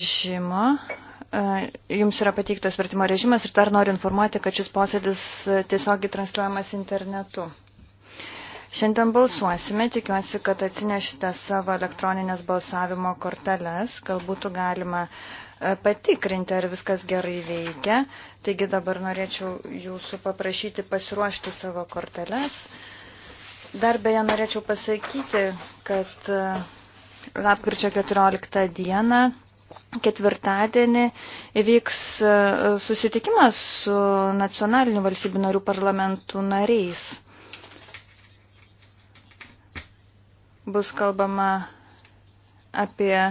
režimo. E, jums yra pateiktas vertimo režimas ir dar noriu informuoti, kad šis posėdis tiesiogiai transliuojamas internetu. Šiandien balsuosime, tikiuosi, kad atsinešite savo elektroninės balsavimo korteles, kad būtų galima e, patikrinti, ar viskas gerai veikia. Taigi dabar norėčiau jūsų paprašyti pasiruošti savo korteles. Dar beje norėčiau pasakyti, kad e, lapkričio 14 dieną ketvirtadienį įvyks e, susitikimas su nacionaliniu valstybių narių parlamentų nariais. Bus kalbama apie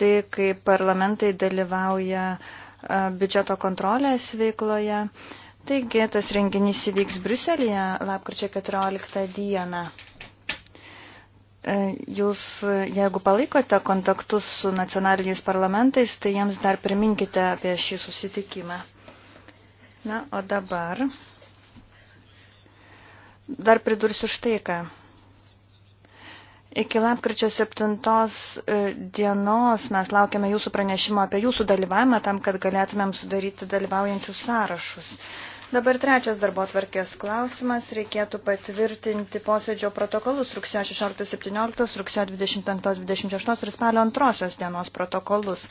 tai, kaip parlamentai dalyvauja e, biudžeto kontrolės veikloje. Taigi, tas renginys įvyks Bruselėje lapkričio 14 dieną. E, jūs, jeigu palaikote kontaktus su nacionaliniais parlamentais, tai jiems dar priminkite apie šį susitikimą. Na, o dabar dar pridursiu štai ką. Iki lapkričio 7 e, dienos mes laukiame jūsų pranešimo apie jūsų dalyvavimą tam, kad galėtumėm sudaryti dalyvaujančių sąrašus. Dabar trečias darbo tvarkės klausimas. Reikėtų patvirtinti posėdžio protokolus rugsėjo 16-17, rugsėjo 25-28 ir spalio antrosios dienos protokolus.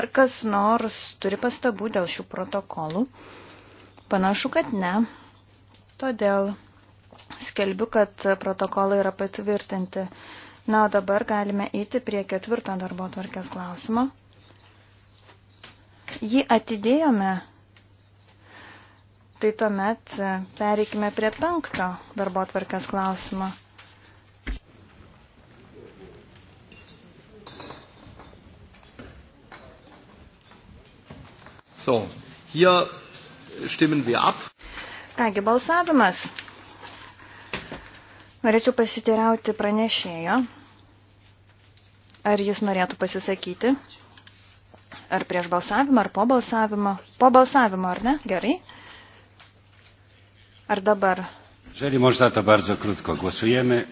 Ar kas nors turi pastabų dėl šių protokolų? Panašu, kad ne. Todėl skelbiu, kad protokolai yra patvirtinti. Na, o dabar galime eiti prie ketvirto darbo tvarkės klausimo. Jį atidėjome Tai tuomet e, pereikime prie penkto darbo atvarkės klausimo. So, hier stimmen wir ab. Kągi, balsavimas. Norėčiau pasiteirauti pranešėjo. Ar jis norėtų pasisakyti? Ar prieš balsavimą, ar po balsavimo? Po balsavimo, ar ne? Gerai. Ar dabar? Jeżeli można, to bardzo krótko głosujemy.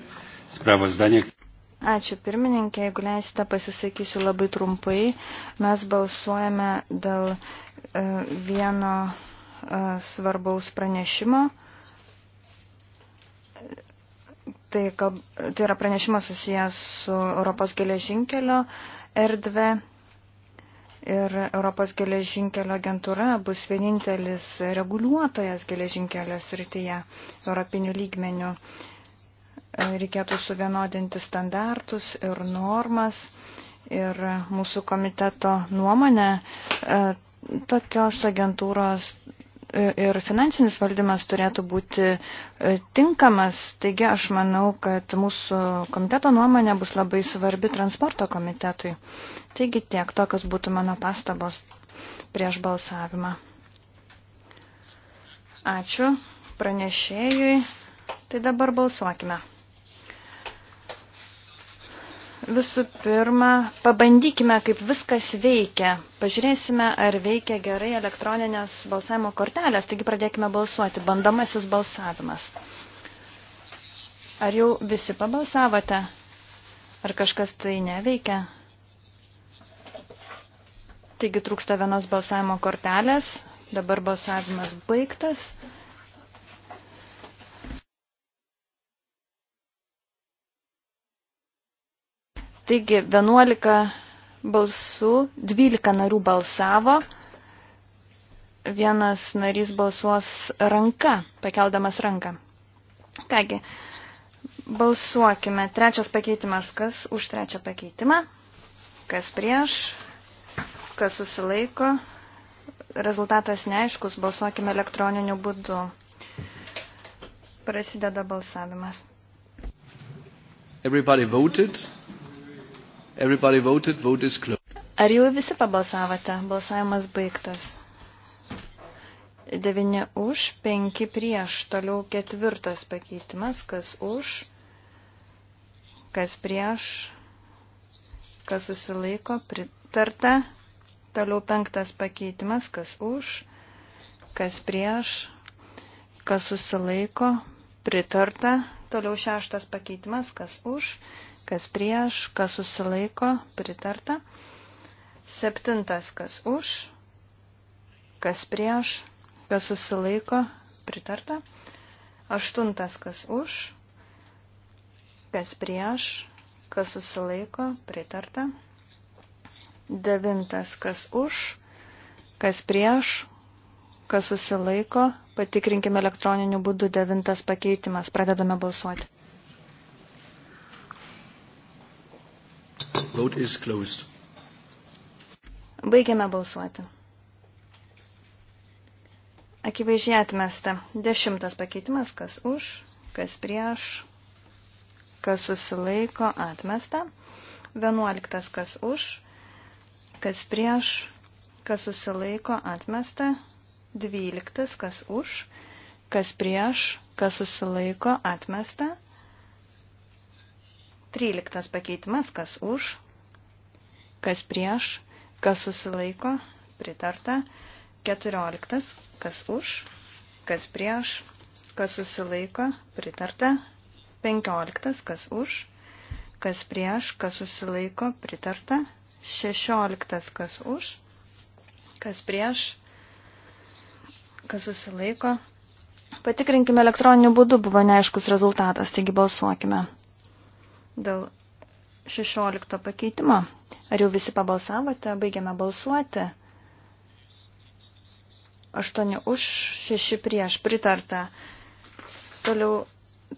Sprawozdanie. Ačiū pirmininkė, jeigu leisite, pasisakysiu labai trumpai. Mes balsuojame dėl e, vieno e, svarbaus pranešimo. Tai, tai yra pranešimas susijęs su Europos geležinkelio erdvė ir Europos geležinkelio agentūra bus vienintelis reguliuotojas geležinkelio srityje europinių lygmenių. Reikėtų suvienodinti standartus ir normas ir mūsų komiteto nuomonė e, tokios agentūros ir finansinis valdymas turėtų būti e, tinkamas. Taigi aš manau, kad mūsų komiteto nuomonė bus labai svarbi transporto komitetui. Taigi tiek tokios būtų mano pastabos prieš balsavimą. Ačiū pranešėjui. Tai dabar balsuokime. Visų pirma, pabandykime, kaip viskas veikia. Pažiūrėsime, ar veikia gerai elektroninės balsavimo kortelės. Taigi pradėkime balsuoti. Bandomasis balsavimas. Ar jau visi pabalsavote? Ar kažkas tai neveikia? Taigi trūksta vienos balsavimo kortelės. Dabar balsavimas baigtas. Taigi 11 balsų, 12 narių balsavo, vienas narys balsuos ranka, pakeldamas ranką. Kągi, balsuokime. Trečias pakeitimas, kas už trečią pakeitimą, kas prieš, kas susilaiko. Rezultatas neaiškus, balsuokime elektroniniu būdu. Prasideda balsavimas. Everybody voted. Everybody voted, vote is closed. Ar jau visi pabalsavote? Balsavimas baigtas. 9 už, 5 prieš, toliau ketvirtas pakeitimas, kas už, kas prieš, kas susilaiko, pritarta. Toliau penktas pakeitimas, kas už, kas prieš, kas susilaiko, pritarta. Toliau šeštas pakeitimas, kas už, kas prieš, kas susilaiko, pritarta. Septintas, kas už, kas prieš, kas susilaiko, pritarta. Aštuntas, kas už, kas prieš, kas susilaiko, pritarta. Devintas, kas už, kas prieš, kas susilaiko, patikrinkime elektroniniu būdu devintas pakeitimas, pradedame balsuoti. Vote is closed. Baigiame balsuoti. Akivaizdžiai atmesta. Dešimtas pakeitimas, kas už, kas prieš, kas susilaiko, atmesta. Vienuoliktas, kas už, kas prieš, kas susilaiko, atmesta. Dvyliktas, kas už, kas prieš, kas susilaiko, atmesta. 13 pakeitimas, kas už, kas prieš, kas susilaiko, pritarta. 14, kas už, kas prieš, kas susilaiko, pritarta. 15, kas už, kas prieš, kas susilaiko, pritarta. 16, kas už, kas prieš, kas susilaiko. Patikrinkime elektroniniu būdu, buvo neaiškus rezultatas, taigi balsuokime dėl 16 pakeitimo. Ar jau visi pabalsavote? Baigiame balsuoti. 8 už, 6 prieš, pritarta. Toliau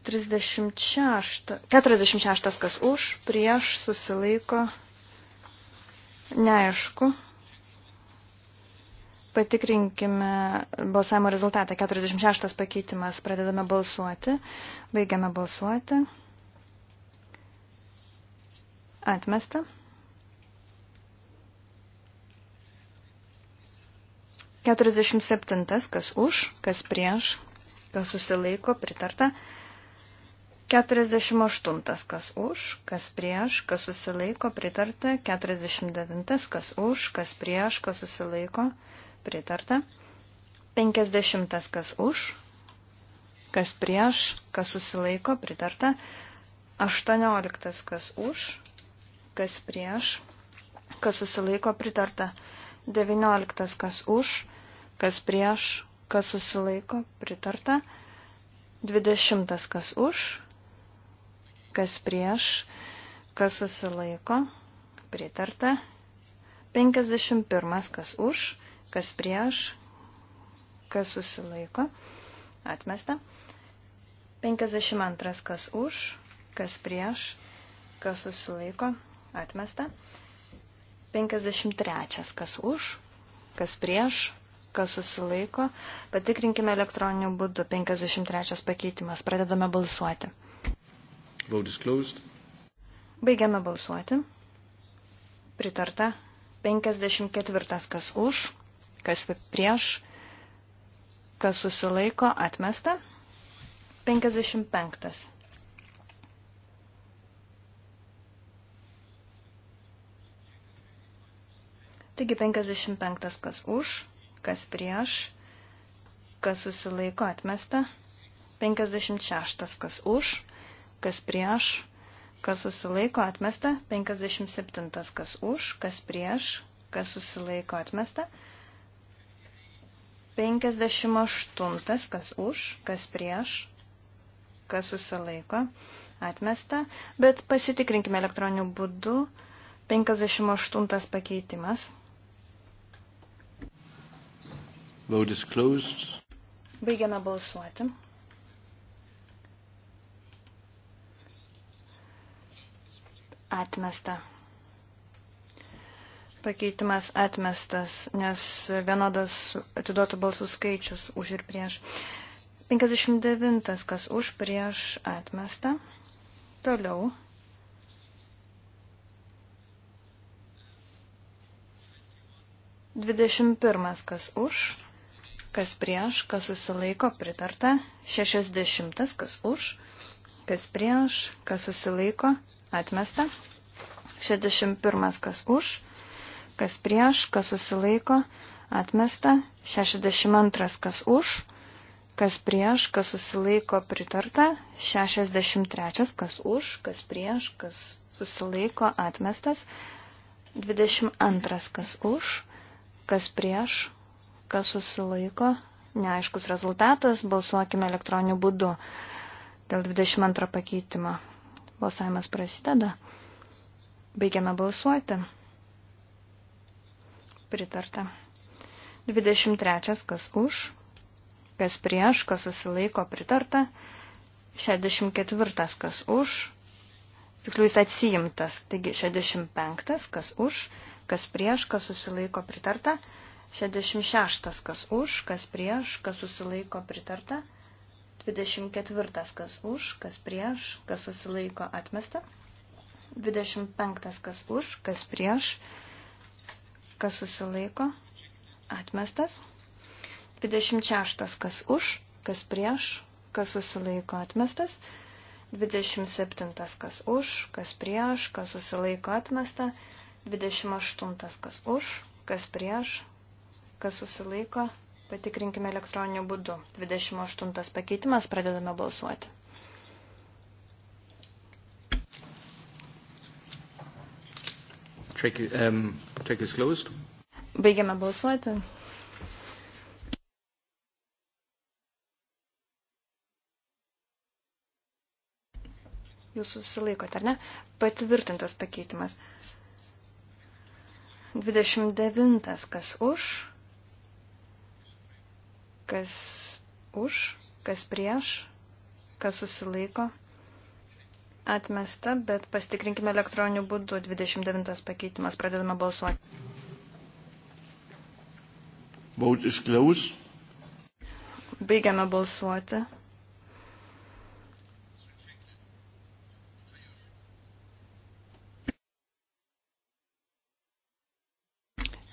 36, 46 kas už, prieš, susilaiko, neaišku. Patikrinkime balsavimo rezultatą. 46 pakeitimas, pradedame balsuoti, baigiame balsuoti. Atmesta. 47. Kas už, kas prieš, kas susilaiko, pritarta. 48. Kas už, kas prieš, kas susilaiko, pritarta. 49. Kas už, kas prieš, kas susilaiko, pritarta. 50. Kas už, kas prieš, kas susilaiko, pritarta. 18. Kas už, kas prieš, kas susilaiko pritarta. 19. kas už, kas prieš, kas susilaiko pritarta. 20. kas už, kas prieš, kas susilaiko pritarta. 51. kas už, kas prieš, kas susilaiko atmesta. 52. kas už, kas prieš, kas susilaiko Atmesta. 53. Kas už, kas prieš, kas susilaiko. Patikrinkime elektroniniu būdu. 53. pakeitimas. Pradedame balsuoti. Vote is closed. Baigiame balsuoti. Pritarta. 54. Kas už, kas prieš, kas susilaiko. Atmesta. 55. Taigi 55 kas už, kas prieš, kas susilaiko atmesta. 56 kas už, kas prieš, kas susilaiko atmesta. 57 kas už, kas prieš, kas susilaiko atmesta. 58 kas už, kas prieš, kas susilaiko atmesta. Bet pasitikrinkime elektroniniu būdu. 58 pakeitimas. Vote is closed. Baigiame balsuoti. Atmesta. Pakeitimas atmestas, nes vienodas atiduotų balsų skaičius už ir prieš. 59. Kas už prieš atmesta. Toliau. Dvidešimt pirmas, kas už, kas prieš, kas susilaiko pritarta, 60, kas už, kas prieš, kas susilaiko atmesta, 61, kas už, kas prieš, kas susilaiko atmesta, 62, kas už, kas prieš, kas susilaiko pritarta, 63, kas už, kas prieš, kas susilaiko atmestas, 22, kas už, kas prieš, kas susilaiko, neaiškus rezultatas, balsuokime elektroniniu būdu dėl 22 pakeitimo. Balsavimas prasideda. Baigiame balsuoti. Pritarta. 23. Kas už, kas prieš, kas susilaiko, pritarta. 64. Kas už, tiksliau jis atsijimtas. Taigi 65. Kas už, kas prieš, kas susilaiko, pritarta. 66 kas už, kas prieš, kas susilaiko pritarta. 24 kas už, kas prieš, kas susilaiko atmesta. 25 kas už, kas prieš, kas susilaiko atmestas. 26 kas už, kas prieš, kas susilaiko atmestas. 27 kas už, kas prieš, kas susilaiko atmesta. 28 kas už, kas prieš, kas susilaiko, patikrinkime elektroniniu būdu. 28 pakeitimas, pradedame balsuoti. Check, um, check is closed. Baigiame balsuoti. Jūs susilaikote, ar ne? Patvirtintas pakeitimas. 29. Kas už? Kas už, kas prieš, kas susilaiko. Atmesta, bet pastikrinkime elektroniniu būdu. 29 pakeitimas. Pradedame balsuoti. Vote is closed. Baigiame balsuoti.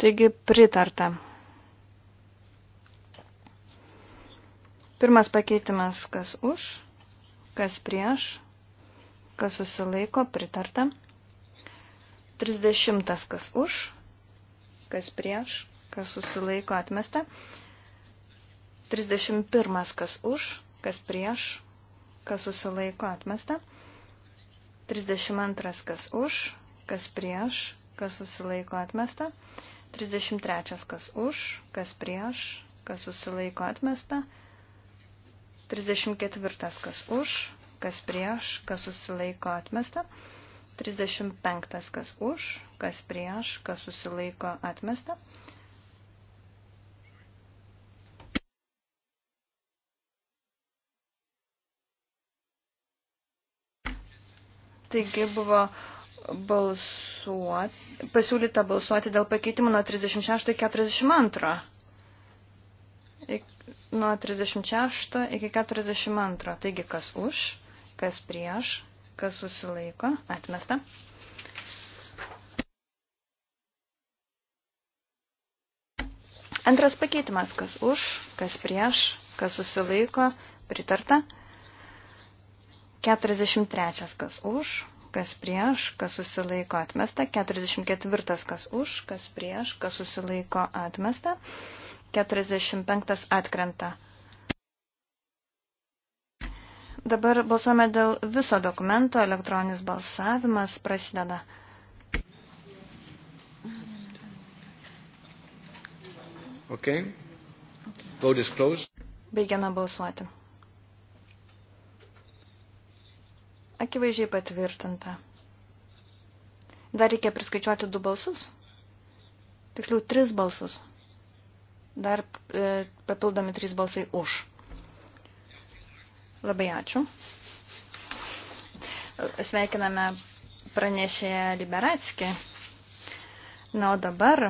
Taigi pritarta. Pirmas pakeitimas, kas už, kas prieš, kas susilaiko, pritarta. 30, kas už, kas prieš, kas susilaiko, atmesta. 31, kas už, kas prieš, kas susilaiko, atmesta. 32, kas už, kas prieš, kas susilaiko, atmesta. 33, kas už, kas prieš, kas susilaiko, atmesta. 34. Kas už, kas prieš, kas susilaiko atmesta. 35. Kas už, kas prieš, kas susilaiko atmesta. Taigi buvo balsuoti, pasiūlyta balsuoti dėl pakeitimų nuo 36 iki 42 nuo 36 iki 42. Taigi, kas už, kas prieš, kas susilaiko, atmesta. Antras pakeitimas, kas už, kas prieš, kas susilaiko, pritarta. 43. kas už, kas prieš, kas susilaiko, atmesta. 44. kas už, kas prieš, kas susilaiko, atmesta. 45 atkrenta. Dabar balsuojame dėl viso dokumento, elektroninis balsavimas prasideda. Okay. Vote is closed. Baigiame balsuoti. Akivaizdžiai patvirtinta. Dar reikia priskaičiuoti du balsus. Tiksliau, tris balsus dar e, papildomi trys balsai už. Labai ačiū. Sveikiname pranešėją Liberatskį. Na, o dabar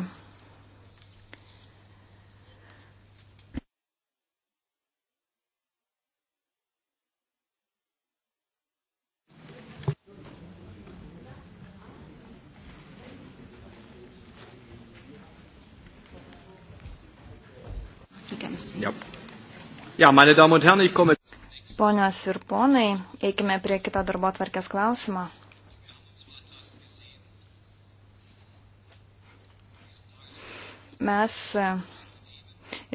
Ja, meine Damen und Herren, ich komme. Ponios ir ponai, eikime prie kito darbo tvarkės klausimo. Mes e,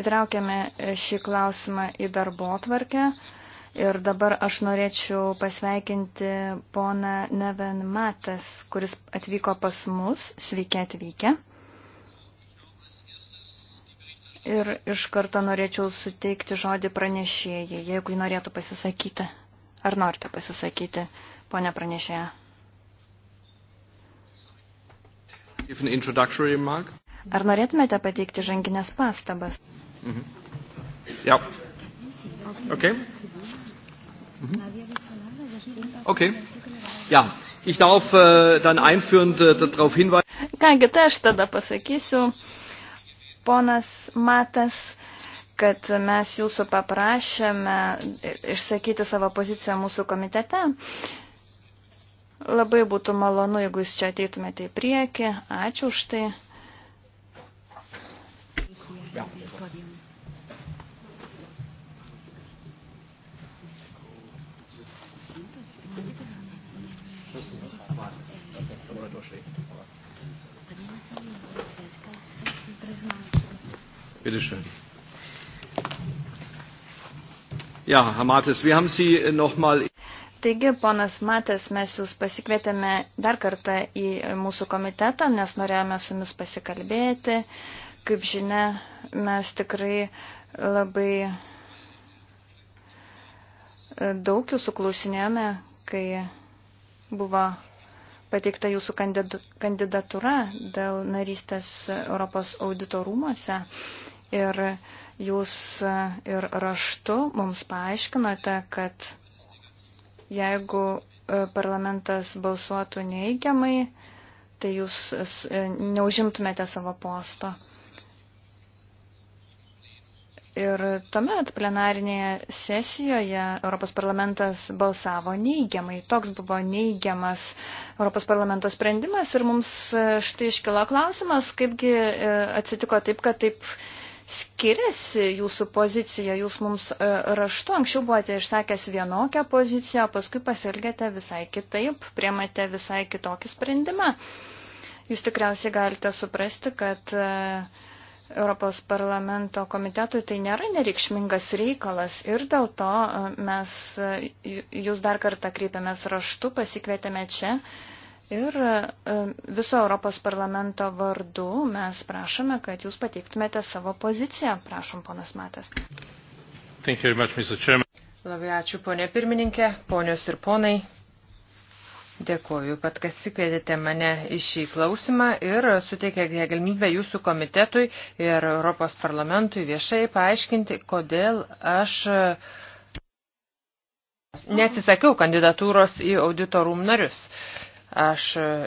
įtraukėme šį klausimą į darbo tvarkę ir dabar aš norėčiau pasveikinti poną Neven Matas, kuris atvyko pas mus. Sveiki atvykę. Ir iš karto norėčiau suteikti žodį pranešėjai, jeigu jį norėtų pasisakyti. Ar norite pasisakyti, ponia pranešėja? Ar norėtumėte pateikti žanginės pastabas? Mhm. Ja. Okay. Mhm. Okay. Ja, ich darf äh, dann einführend äh, darauf hinweisen. Kągi, tai aš tada pasakysiu. Äh, ponas Matas, kad mes jūsų paprašėme išsakyti savo poziciją mūsų komitete. Labai būtų malonu, jeigu jūs čia ateitumėte į priekį. Ačiū už tai. Thank you. Bitte schön. Ja, Herr Martis, wir haben Sie nochmal. Taigi, ponas Matės, mes jūs pasikvietėme dar kartą į mūsų komitetą, nes norėjome su jumis pasikalbėti. Kaip žinia, mes tikrai labai daug jūsų klausinėjome, kai buvo pateikta jūsų kandidatūra dėl narystės Europos audito rūmose. Ir jūs ir raštu mums paaiškinote, kad jeigu e, parlamentas balsuotų neigiamai, tai jūs e, neužimtumėte savo posto. Ir tuomet plenarinėje sesijoje Europos parlamentas balsavo neigiamai. Toks buvo neigiamas Europos parlamento sprendimas ir mums e, štai iškilo klausimas, kaipgi atsitiko taip, kad taip skiriasi jūsų pozicija, jūs mums e, raštu anksčiau buvote išsakęs vienokią poziciją, o paskui pasielgėte visai kitaip, priemate visai kitokį sprendimą. Jūs tikriausiai galite suprasti, kad e, Europos parlamento komitetui tai nėra nereikšmingas reikalas ir dėl to e, mes jūs dar kartą kreipiamės raštu, pasikvietėme čia Ir e, viso Europos parlamento vardu mes prašome, kad jūs pateiktumėte savo poziciją. Prašom, ponas Matas. Much, Labai ačiū, ponė pirmininkė, ponios ir ponai. Dėkuoju, kad kas įkvėdėte mane į šį klausimą ir suteikė galimybę jūsų komitetui ir Europos parlamentui viešai paaiškinti, kodėl aš neatsisakiau kandidatūros į auditorų narius. Uh, Aš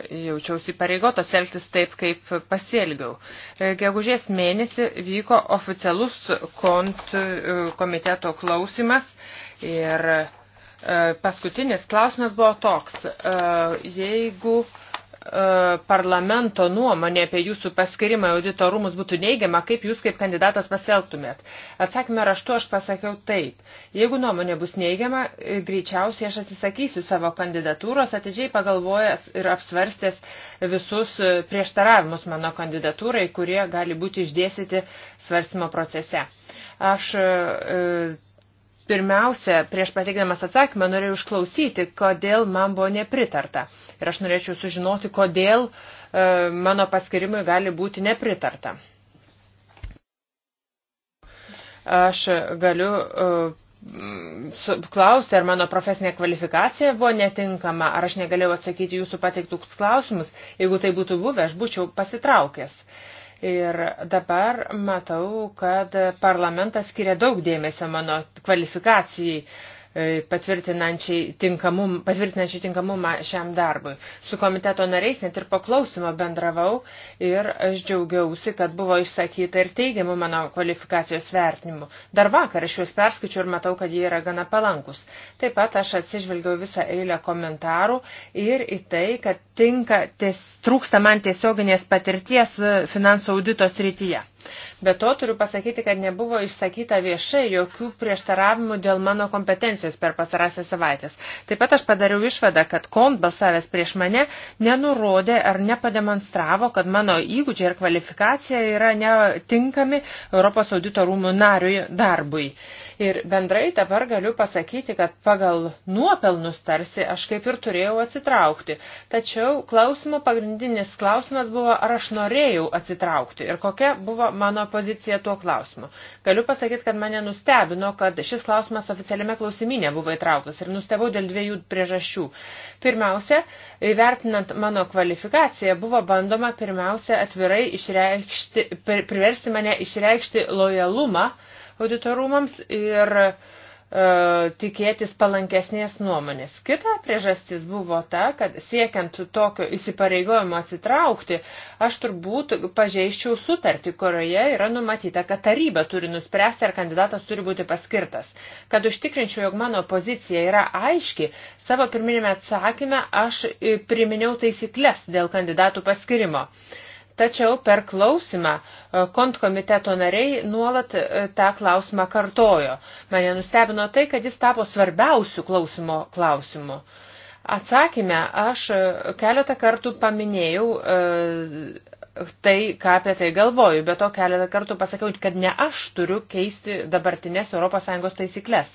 jaučiausi pareigotas elgtis taip, kaip pasielgiau. E, gegužės mėnesį vyko oficialus kont e, komiteto klausimas ir e, paskutinis klausimas buvo toks. Jeigu E, parlamento nuomonė apie jūsų paskirimą į audito rūmus būtų neigiama, kaip jūs kaip kandidatas pasielgtumėt? Atsakymę raštu aš pasakiau taip. Jeigu nuomonė bus neigiama, e, greičiausiai aš atsisakysiu savo kandidatūros, atidžiai pagalvojęs ir apsvarstęs visus e, prieštaravimus mano kandidatūrai, kurie gali būti išdėsyti svarstymo procese. Aš e, Pirmiausia, prieš pateikdamas atsakymą norėjau išklausyti, kodėl man buvo nepritarta. Ir aš norėčiau sužinoti, kodėl e, mano paskirimui gali būti nepritarta. Aš galiu e, klausti, ar mano profesinė kvalifikacija buvo netinkama, ar aš negalėjau atsakyti jūsų pateiktus klausimus. Jeigu tai būtų buvę, aš būčiau pasitraukęs. E, Ir dabar matau, kad parlamentas skiria daug dėmesio mano kvalifikacijai E, patvirtinančiai tinkamumą, patvirtinančiai tinkamumą šiam darbui. Su komiteto nariais net ir paklausimo bendravau ir aš džiaugiausi, kad buvo išsakyta ir teigiamų mano kvalifikacijos vertinimų. Dar vakar aš juos perskaičiu ir matau, kad jie yra gana palankus. Taip pat aš atsižvelgiau visą eilę komentarų ir į tai, kad tinka, ties, trūksta man tiesioginės patirties e, finansų audito srityje. Be to turiu pasakyti, kad nebuvo išsakyta viešai jokių prieštaravimų dėl mano kompetencijos per pasarąsią savaitės. Taip pat aš padariau išvadą, kad kont balsavęs prieš mane nenurodė ar nepademonstravo, kad mano įgūdžiai ir kvalifikacija yra netinkami Europos audito rūmų nariui darbui. Ir bendrai dabar galiu pasakyti, kad pagal nuopelnus tarsi aš kaip ir turėjau atsitraukti. Tačiau klausimo pagrindinis klausimas buvo, ar aš norėjau atsitraukti ir kokia buvo mano pozicija tuo klausimu. Galiu pasakyti, kad mane nustebino, kad šis klausimas oficialiame klausimynė buvo įtrauktas ir nustebau dėl dviejų priežasčių. Pirmiausia, įvertinant mano kvalifikaciją, buvo bandoma pirmiausia atvirai išreikšti, priversti mane išreikšti lojalumą, auditorumams ir e, tikėtis palankesnės nuomonės. Kita priežastis buvo ta, kad siekiant tokio įsipareigojimo atsitraukti, aš turbūt pažeiščiau sutartį, kurioje yra numatyta, kad taryba turi nuspręsti, ar kandidatas turi būti paskirtas. Kad užtikrinčiau, jog mano pozicija yra aiški, savo pirminėme atsakyme aš e, priminiau taisyklės dėl kandidatų paskirimo. Tačiau per klausimą e, kontkomiteto nariai nuolat e, tą klausimą kartojo. Mane nustebino tai, kad jis tapo svarbiausių klausimo klausimų. Atsakymę aš e, keletą kartų paminėjau tai, ką apie tai galvoju, bet to keletą kartų pasakiau, kad ne aš turiu keisti dabartinės ES taisyklės.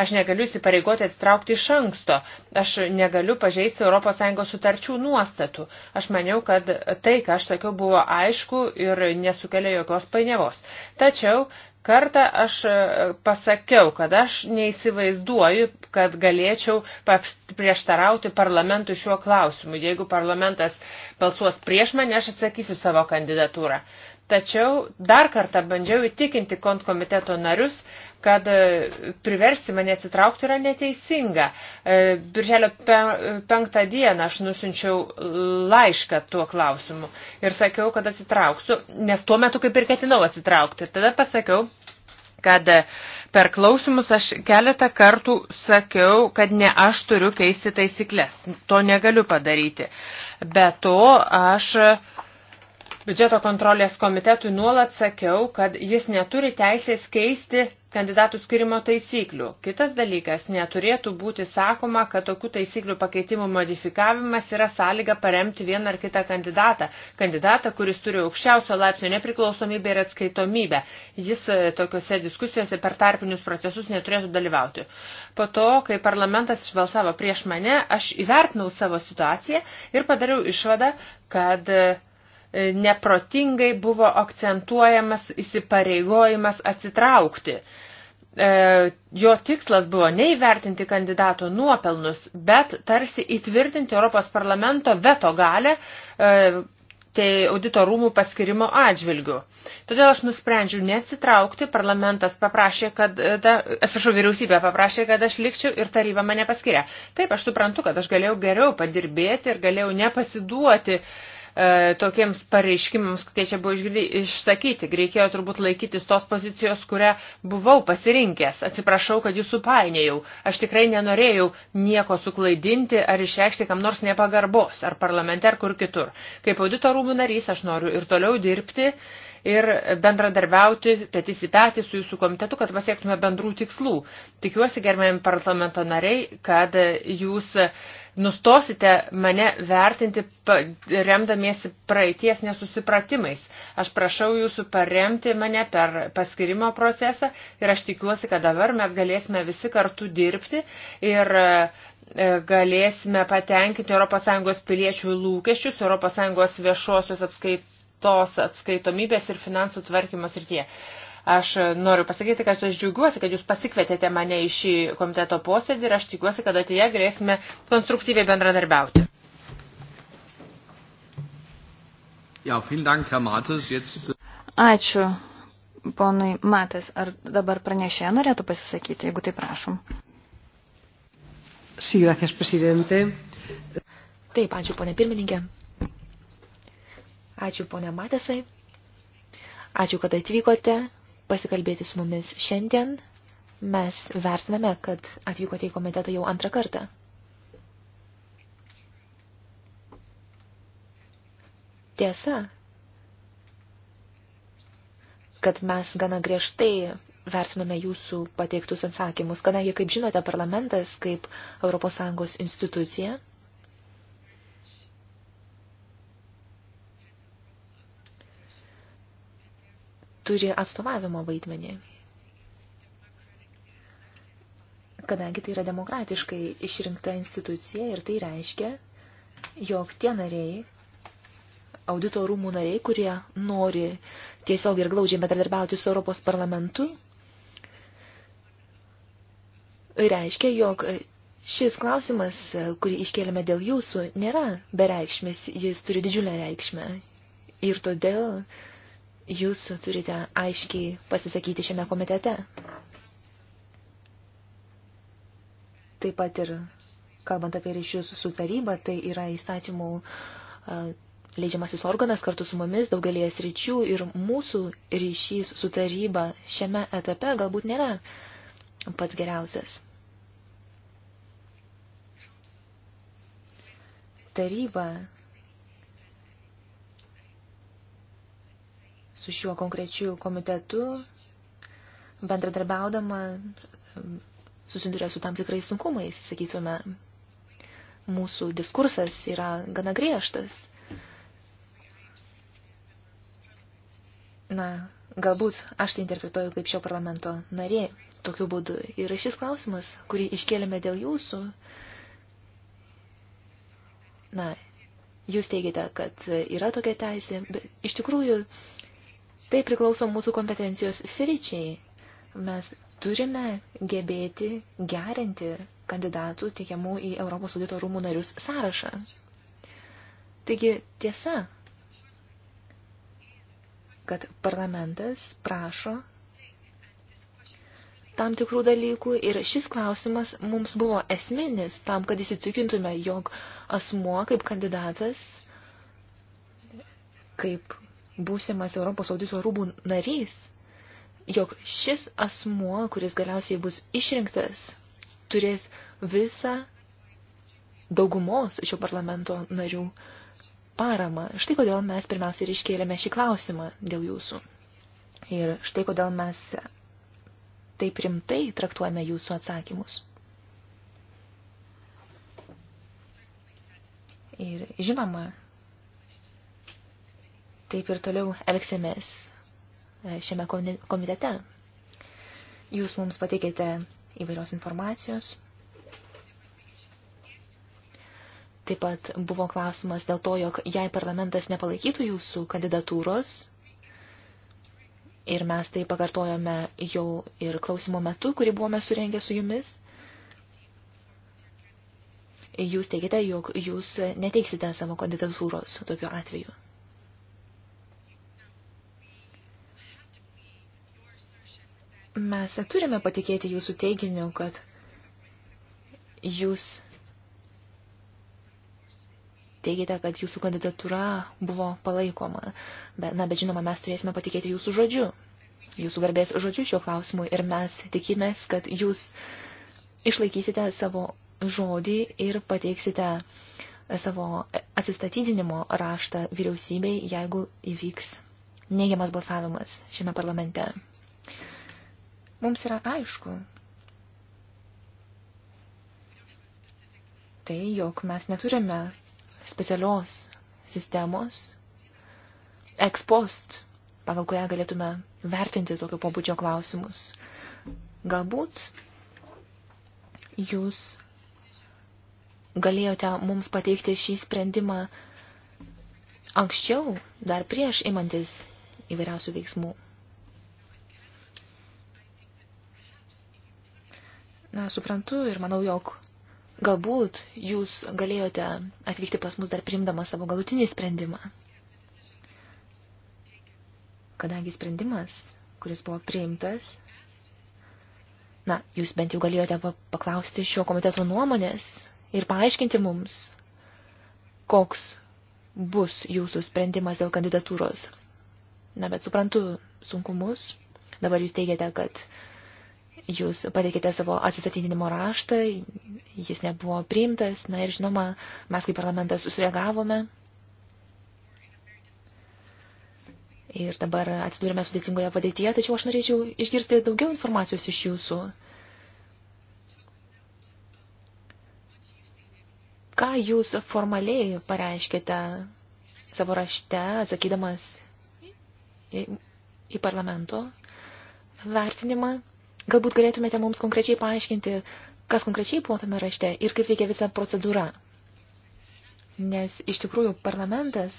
Aš negaliu įsipareigoti atsitraukti iš anksto. Aš negaliu pažeisti ES sutarčių nuostatų. Aš maniau, kad tai, ką aš sakiau, buvo aišku ir nesukelia jokios painiavos. Tačiau kartą aš e, pasakiau, kad aš neįsivaizduoju, kad galėčiau prieštarauti parlamentui šiuo klausimu. Jeigu parlamentas balsuos prieš mane, aš atsakysiu savo kandidatūrą. Tačiau dar kartą bandžiau įtikinti kontkomiteto narius, kad e, priversti mane atsitraukti yra neteisinga. E, birželio penktą dieną aš nusinčiau laišką tuo klausimu ir sakiau, kad atsitrauksiu, nes tuo metu kaip ir ketinau atsitraukti. Ir tada pasakiau, kad e, per klausimus aš keletą kartų sakiau, kad ne aš turiu keisti taisyklės. To negaliu padaryti. Be to aš biudžeto kontrolės komitetui nuolat sakiau, kad jis neturi teisės keisti kandidatų skirimo taisyklių. Kitas dalykas, neturėtų būti sakoma, kad tokių taisyklių pakeitimų modifikavimas yra sąlyga paremti vieną ar kitą kandidatą. Kandidatą, kuris turi aukščiausio laipsnio nepriklausomybę ir atskaitomybę. Jis e, tokiuose diskusijose per tarpinius procesus neturėtų dalyvauti. Po to, kai parlamentas išbalsavo prieš mane, aš įvertinau savo situaciją ir padariau išvadą, kad e, neprotingai buvo akcentuojamas įsipareigojimas atsitraukti. E, jo tikslas buvo neįvertinti kandidato nuopelnus, bet tarsi įtvirtinti Europos parlamento veto galę e, tai audito rūmų paskirimo atžvilgių. Todėl aš nusprendžiau neatsitraukti, parlamentas paprašė, kad, e, atsiprašau, vyriausybė paprašė, kad aš likčiau ir taryba mane paskiria. Taip, aš suprantu, kad aš galėjau geriau padirbėti ir galėjau nepasiduoti uh, E, tokiems pareiškimams, kokie čia buvo išsakyti. Reikėjo turbūt laikytis tos pozicijos, kurią buvau pasirinkęs. Atsiprašau, kad jūs supainėjau. Aš tikrai nenorėjau nieko suklaidinti ar išreikšti kam nors nepagarbos, ar parlamente, ar kur kitur. Kaip audito rūmų narys aš noriu ir toliau dirbti ir bendradarbiauti petys į petį su jūsų komitetu, kad pasiektume bendrų tikslų. Tikiuosi, gerbėjami parlamento nariai, kad jūs nustosite mane vertinti remdamiesi praeities nesusipratimais. Aš prašau jūsų paremti mane per paskirimo procesą ir aš tikiuosi, kad dabar mes galėsime visi kartu dirbti ir e, galėsime patenkinti ES piliečių lūkesčius, ES viešosios atskaitos atskaitomybės ir finansų tvarkymos rytie. Aš noriu pasakyti, kad aš džiaugiuosi, kad jūs pasikvietėte mane į šį komiteto posėdį ir aš tikiuosi, kad ateityje galėsime konstruktyviai bendradarbiauti. Ja, dank, Herr Martes. Jetzt... Äh, ačiū, ponui Matas. Ar dabar pranešė norėtų pasisakyti, jeigu tai prašom? Sí, gracias, presidente. Taip, ačiū, ponė pirmininkė. Ačiū, ponė Matesai. Ačiū, kad atvykote pasikalbėti su mumis šiandien. Mes vertiname, kad atvykote į komitetą jau antrą kartą. Tiesa, kad mes gana griežtai vertinome jūsų pateiktus atsakymus, kadangi, kaip žinote, parlamentas kaip ES institucija turi atstovavimo vaidmenį. Kadangi tai yra demokratiškai išrinkta institucija ir tai reiškia, jog tie nariai, audito rūmų nariai, kurie nori tiesiog ir glaudžiai bendradarbiauti su Europos parlamentu, reiškia, jog šis klausimas, kurį iškėlėme dėl jūsų, nėra bereikšmės, jis turi didžiulę reikšmę. Ir todėl uh, jūs turite aiškiai pasisakyti šiame komitete. Taip pat ir kalbant apie ryšius su taryba, tai yra įstatymų leidžiamasis organas kartu su mumis daugelėje sričių ir mūsų ryšys su taryba šiame etape galbūt nėra pats geriausias. Taryba su šiuo konkrečiu komitetu, bendradarbiaudama, susiduria su tam tikrais sunkumais, sakytume. Mūsų diskursas yra gana griežtas. Na, galbūt aš tai interpretuoju kaip šio parlamento narė tokiu būdu. Ir šis klausimas, kurį iškėlėme dėl jūsų, na, jūs teigiate, kad yra tokia teisė, bet iš tikrųjų Tai priklauso mūsų kompetencijos sričiai. Mes turime gebėti gerinti kandidatų tiekiamų į Europos audito rūmų narius sąrašą. Taigi tiesa, kad parlamentas prašo tam tikrų dalykų ir šis klausimas mums buvo esminis tam, kad įsitikintume, jog asmuo kaip kandidatas, kaip būsimas Europos audito rūmų narys, jog šis asmuo, kuris galiausiai bus išrinktas, turės visą daugumos šio parlamento narių paramą. Štai kodėl mes pirmiausiai ir iškėlėme šį klausimą dėl jūsų. Ir štai kodėl mes taip rimtai traktuojame jūsų atsakymus. Ir žinoma, taip ir toliau elgsimės e, šiame komitete. Jūs mums pateikėte įvairios informacijos. Taip pat buvo klausimas dėl to, jog jei parlamentas nepalaikytų jūsų kandidatūros, ir mes tai pakartojome jau ir klausimo metu, kurį buvome surengę su jumis, jūs teigite, jog jūs neteiksite savo kandidatūros tokiu atveju. Mes turime patikėti jūsų teiginiu, kad jūs teigite, kad jūsų kandidatūra buvo palaikoma. Bet, na, bet žinoma, mes turėsime patikėti jūsų žodžiu, jūsų garbės žodžiu šiuo klausimu ir mes tikimės, kad jūs išlaikysite savo žodį ir pateiksite savo atsistatydinimo raštą vyriausybei, jeigu įvyks neigiamas balsavimas šiame parlamente mums yra aišku. Tai, jog mes neturime specialios sistemos, ekspost, pagal kurią galėtume vertinti tokio pobūdžio klausimus. Galbūt jūs galėjote mums pateikti šį sprendimą anksčiau, dar prieš imantis įvairiausių veiksmų. Na, suprantu ir manau, jog galbūt jūs galėjote atvykti pas mus dar primdama savo galutinį sprendimą. Kadangi sprendimas, kuris buvo priimtas, na, jūs bent jau galėjote paklausti šio komiteto nuomonės ir paaiškinti mums, koks bus jūsų sprendimas dėl kandidatūros. Na, bet suprantu sunkumus. Dabar jūs teigiate, kad uh, Jūs pateikite savo atsistatydinimo raštą, jis nebuvo priimtas, na ir žinoma, mes kaip parlamentas susireagavome. Ir dabar atsidūrėme sudėtingoje padėtyje, tačiau aš norėčiau išgirsti daugiau informacijos iš jūsų. Ką jūs formaliai pareiškite savo rašte, atsakydamas į, į parlamento vertinimą? Galbūt galėtumėte mums konkrečiai paaiškinti, kas konkrečiai buvo tame rašte ir kaip veikia visa procedūra. Nes iš tikrųjų parlamentas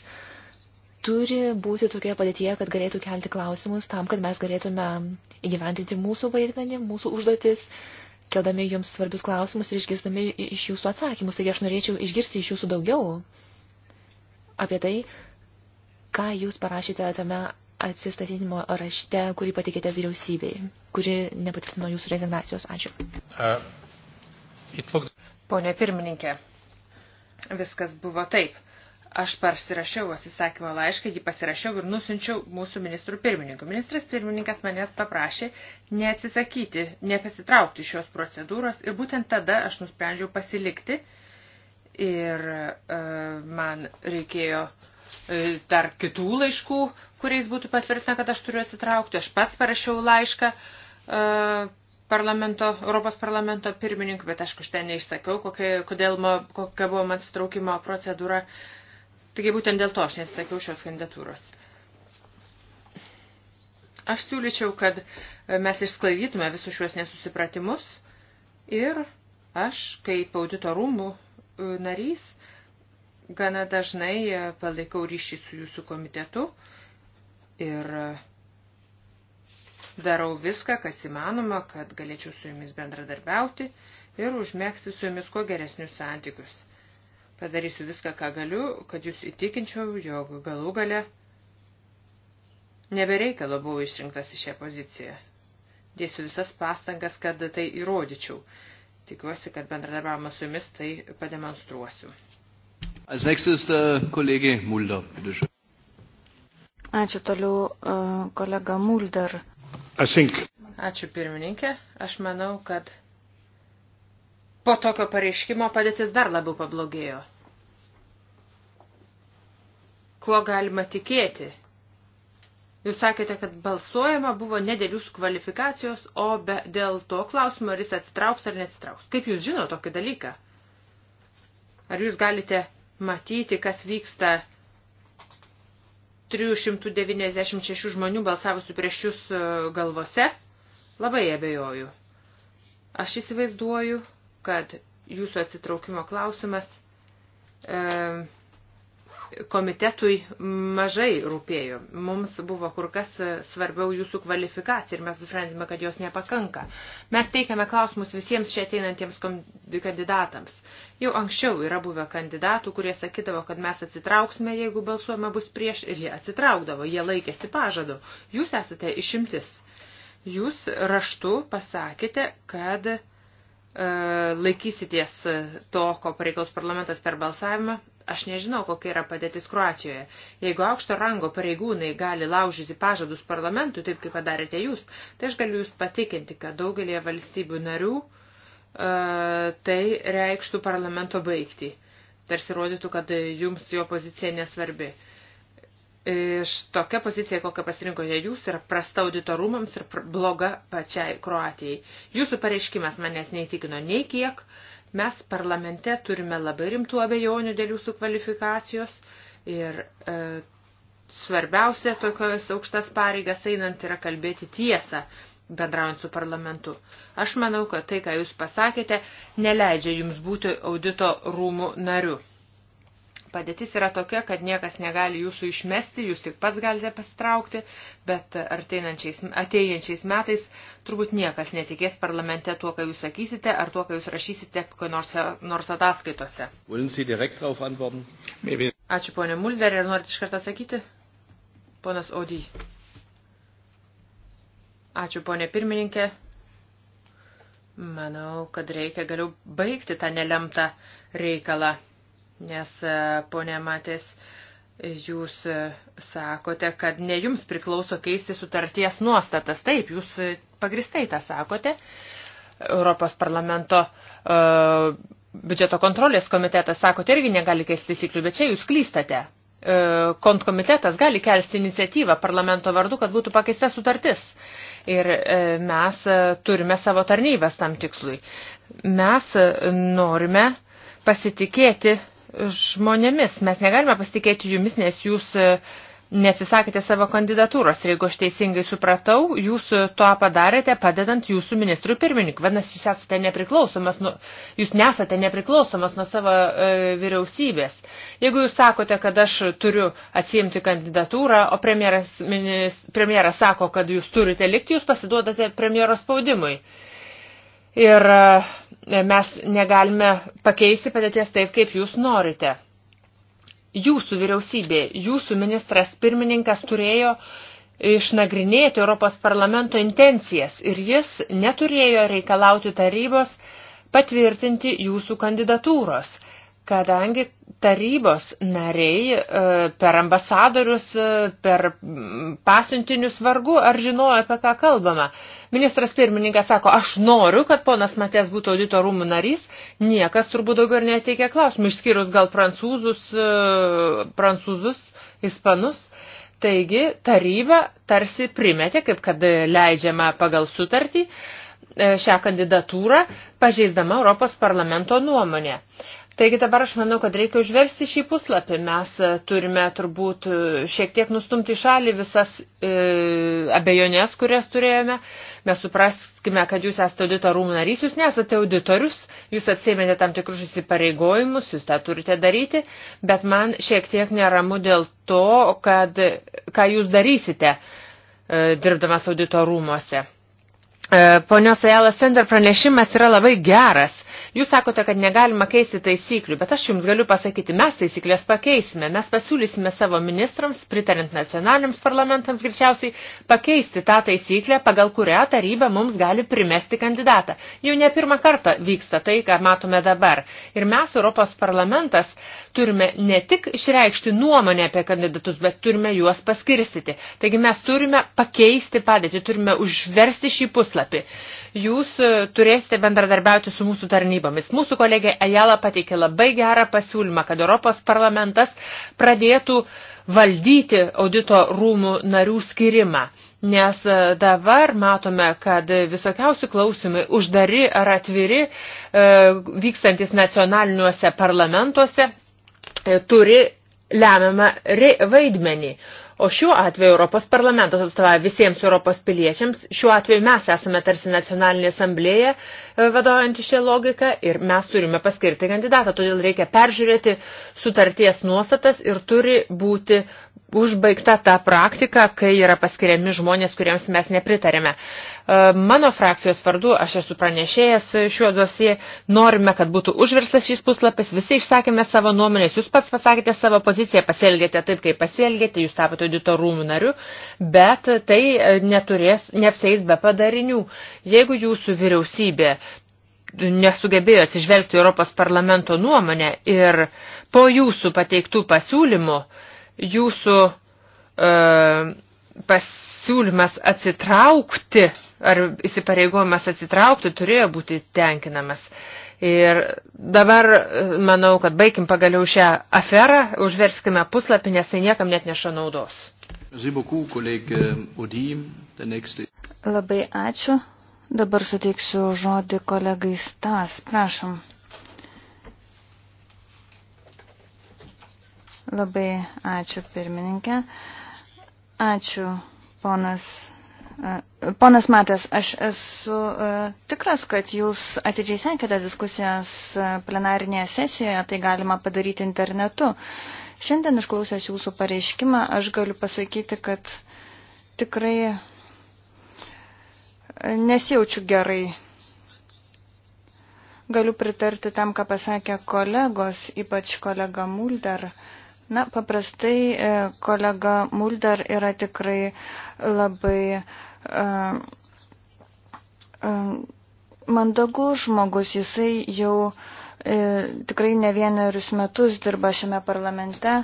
turi būti tokioje padėtyje, kad galėtų kelti klausimus tam, kad mes galėtume įgyventinti mūsų vaidmenį, mūsų užduotis, keldami jums svarbius klausimus ir išgirsdami iš jūsų atsakymus. Taigi aš norėčiau išgirsti iš jūsų daugiau apie tai, ką jūs parašėte tame atsistatydimo rašte, kurį patikėte vyriausybei, kuri nepatvirtino jūsų rezignacijos. Ačiū. Uh, Pone pirmininkė, viskas buvo taip. Aš pasirašiau atsisakymo laišką, jį pasirašiau ir nusinčiau mūsų ministrų pirmininkų. Ministras pirmininkas manęs paprašė neatsisakyti, nepasitraukti šios procedūros ir būtent tada aš nusprendžiau pasilikti ir e, man reikėjo e, dar kitų laiškų, kuriais būtų patvirtina, kad aš turiu atsitraukti. Aš pats parašiau laišką e, parlamento, Europos parlamento pirmininkui, bet aš už ten neišsakiau, kokia, kodėl, ma, kokia buvo man atsitraukimo procedūra. Taigi būtent dėl to aš nesisakiau šios kandidatūros. Aš siūlyčiau, kad mes išsklaidytume visus šiuos nesusipratimus ir aš, kaip audito rūmų e, narys, gana dažnai e, palaikau ryšį su jūsų komitetu ir darau viską, kas įmanoma, kad galėčiau su jumis bendradarbiauti ir užmėgsti su jumis kuo geresnius santykius. Padarysiu viską, ką galiu, kad jūs įtikinčiau, jog galų gale nebereikalo buvau išrinktas į šią poziciją. Dėsiu visas pastangas, kad tai įrodyčiau. Tikiuosi, kad bendradarbiavimas su jumis tai pademonstruosiu. Als nächstes der äh, Kollege Mulder, bitteschön. Ačiū toliau uh, kolega Mulder. Ačiū pirmininkė. Aš manau, kad po tokio pareiškimo padėtis dar labiau pablogėjo. Kuo galima tikėti? Jūs sakėte, kad balsuojama buvo ne dėl jūsų kvalifikacijos, o be, dėl to klausimo, ar jis atsitrauks ar neatsitrauks. Kaip jūs žino tokį dalyką? Ar jūs galite matyti, kas vyksta 396 žmonių balsavusių prieš jūs e, galvose, labai abejoju. Aš įsivaizduoju, kad jūsų atsitraukimo klausimas e, komitetui mažai rūpėjo. Mums buvo kur kas svarbiau jūsų kvalifikacija ir mes nusprendėme, kad jos nepakanka. Mes teikiame klausimus visiems čia ateinantiems kandidatams. Jau anksčiau yra buvę kandidatų, kurie sakydavo, kad mes atsitrauksime, jeigu balsuojame bus prieš, ir jie atsitraukdavo, jie laikėsi pažado. Jūs esate išimtis. Jūs raštu pasakėte, kad e, laikysitės to, ko pareikaus parlamentas per balsavimą Aš nežinau, kokia yra padėtis Kroatijoje. Jeigu aukšto rango pareigūnai gali laužyti pažadus parlamentui, taip kaip padarėte jūs, tai aš galiu jūs patikinti, kad daugelie valstybių narių e, tai reikštų parlamento baigti. Tarsi rodytų, kad jums jo pozicija nesvarbi. Iš tokia pozicija, kokią pasirinkote jūs, yra prasta auditorumams ir bloga pačiai Kroatijai. Jūsų pareiškimas manęs neįtikino nei kiek. E, Mes parlamente turime labai rimtų abejonių dėl jūsų kvalifikacijos ir e, svarbiausia tokios aukštas pareigas einant yra kalbėti tiesą, bendraujant su parlamentu. Aš manau, kad tai, ką jūs pasakėte, neleidžia jums būti audito rūmų nariu. Padėtis yra tokia, kad niekas negali jūsų išmesti, jūs tik pats galite pasitraukti, bet ateinančiais metais turbūt niekas netikės parlamente tuo, ką jūs sakysite, ar tuo, ką jūs rašysite kokio nors, nors ataskaitose. Ačiū, ponė Mulder, ir norite iš karto sakyti? Ponas Odį. Ačiū, ponė pirmininkė. Manau, kad reikia galiu baigti tą nelemtą reikalą nes e, ponė Matės, jūs e, sakote, kad ne jums priklauso keisti sutarties nuostatas. Taip, jūs e, pagristai tą sakote. Europos parlamento uh, biudžeto kontrolės komitetas, sakote, irgi negali keisti taisyklių, bet čia jūs klystate. Uh, kontkomitetas gali kelsti iniciatyvą parlamento vardu, kad būtų pakeista sutartis. Ir uh, mes turime savo tarnybės tam tikslui. Mes norime pasitikėti žmonėmis. Mes negalime pasitikėti jumis, nes jūs e, nesisakėte savo kandidatūros. Ir jeigu aš teisingai supratau, jūs to padarėte padedant jūsų ministrui pirmininkui. Vadinasi, jūs esate nepriklausomas, nu, jūs nesate nepriklausomas nuo savo e, vyriausybės. Jeigu jūs sakote, kad aš turiu atsiimti kandidatūrą, o premjeras, minis, premjeras sako, kad jūs turite likti, jūs pasiduodate premjero spaudimui. Ir e, mes negalime pakeisti padėties taip, kaip jūs norite. Jūsų vyriausybė, jūsų ministras pirmininkas turėjo išnagrinėti Europos parlamento intencijas ir jis neturėjo reikalauti tarybos patvirtinti jūsų kandidatūros kadangi tarybos nariai e, per ambasadorius, e, per pasiuntinius vargu ar žinojo, apie ką kalbama. Ministras pirmininkas sako, aš noriu, kad ponas Matės būtų audito rūmų narys, niekas turbūt daugiau ir neteikia klausimų, išskyrus gal prancūzus, e, prancūzus, ispanus. Taigi taryba tarsi primetė, kaip kad leidžiama pagal sutartį, šią kandidatūrą, pažeisdama Europos parlamento nuomonę. Taigi dabar aš manau, kad reikia užversti šį puslapį. Mes e, turime turbūt e, šiek tiek nustumti šalį visas e, abejonės, kurias turėjome. Mes supraskime, kad jūs esate audito rūmų narys, jūs nesate auditorius, jūs atsėmėte tam tikrus įsipareigojimus, jūs tą turite daryti, bet man šiek tiek neramu dėl to, kad ką jūs darysite e, dirbdamas audito rūmuose. E, ponios Ajala Sender pranešimas yra labai geras. Jūs sakote, kad negalima keisti taisyklių, bet aš jums galiu pasakyti, mes taisyklės pakeisime, mes pasiūlysime savo ministrams, pritarint nacionaliniams parlamentams greičiausiai, pakeisti tą taisyklę, pagal kurią taryba mums gali primesti kandidatą. Jau ne pirmą kartą vyksta tai, ką matome dabar. Ir mes, Europos parlamentas, turime ne tik išreikšti nuomonę apie kandidatus, bet turime juos paskirstyti. Taigi mes turime pakeisti padėtį, turime užversti šį puslapį puslapį. Jūs e, turėsite bendradarbiauti su mūsų tarnybomis. Mūsų kolegė Ejala pateikė labai gerą pasiūlymą, kad Europos parlamentas pradėtų valdyti audito rūmų narių skirimą. Nes e, dabar matome, kad visokiausi klausimai uždari ar atviri e, vykstantis nacionaliniuose parlamentuose turi lemiamą vaidmenį. O šiuo atveju Europos parlamentas atstovauja visiems Europos piliečiams. Šiuo atveju mes esame tarsi nacionalinė asamblėje vadovaujantį šią logiką ir mes turime paskirti kandidatą. Todėl reikia peržiūrėti sutarties nuostatas ir turi būti užbaigta ta praktika, kai yra paskiriami žmonės, kuriems mes nepritarėme. E, mano frakcijos vardu, aš esu pranešėjęs šiuo dosie, norime, kad būtų užverstas šis puslapis, visi išsakėme savo nuomonės, jūs pats pasakėte savo poziciją, pasielgėte taip, kaip pasielgėte, jūs tapote audito rūmų nariu, bet tai e, neturės, neapsiais be padarinių. Jeigu jūsų vyriausybė nesugebėjo atsižvelgti Europos parlamento nuomonę ir po jūsų pateiktų pasiūlymų, uh, jūsų e, pasiūlymas atsitraukti ar įsipareigojimas atsitraukti turėjo būti tenkinamas. Ir dabar e, manau, kad baigim pagaliau šią aferą, užverskime puslapį, nes tai niekam net neša naudos. Euh, Labai ačiū. Dabar suteiksiu žodį kolegai Stas. Prašom. Labai ačiū pirmininkė. Ačiū ponas. E, ponas Matas, aš esu e, tikras, kad jūs atidžiai sekėte diskusijas e, plenarinėje sesijoje, tai galima padaryti internetu. Šiandien išklausęs jūsų pareiškimą, aš galiu pasakyti, kad tikrai nesijaučiu gerai. Galiu pritarti tam, ką pasakė kolegos, ypač kolega Mulder. Uh, Na, paprastai e, kolega Mulder yra tikrai labai uh, uh, mandagus žmogus. Jisai jau uh, tikrai ne vienerius metus dirba šiame parlamente.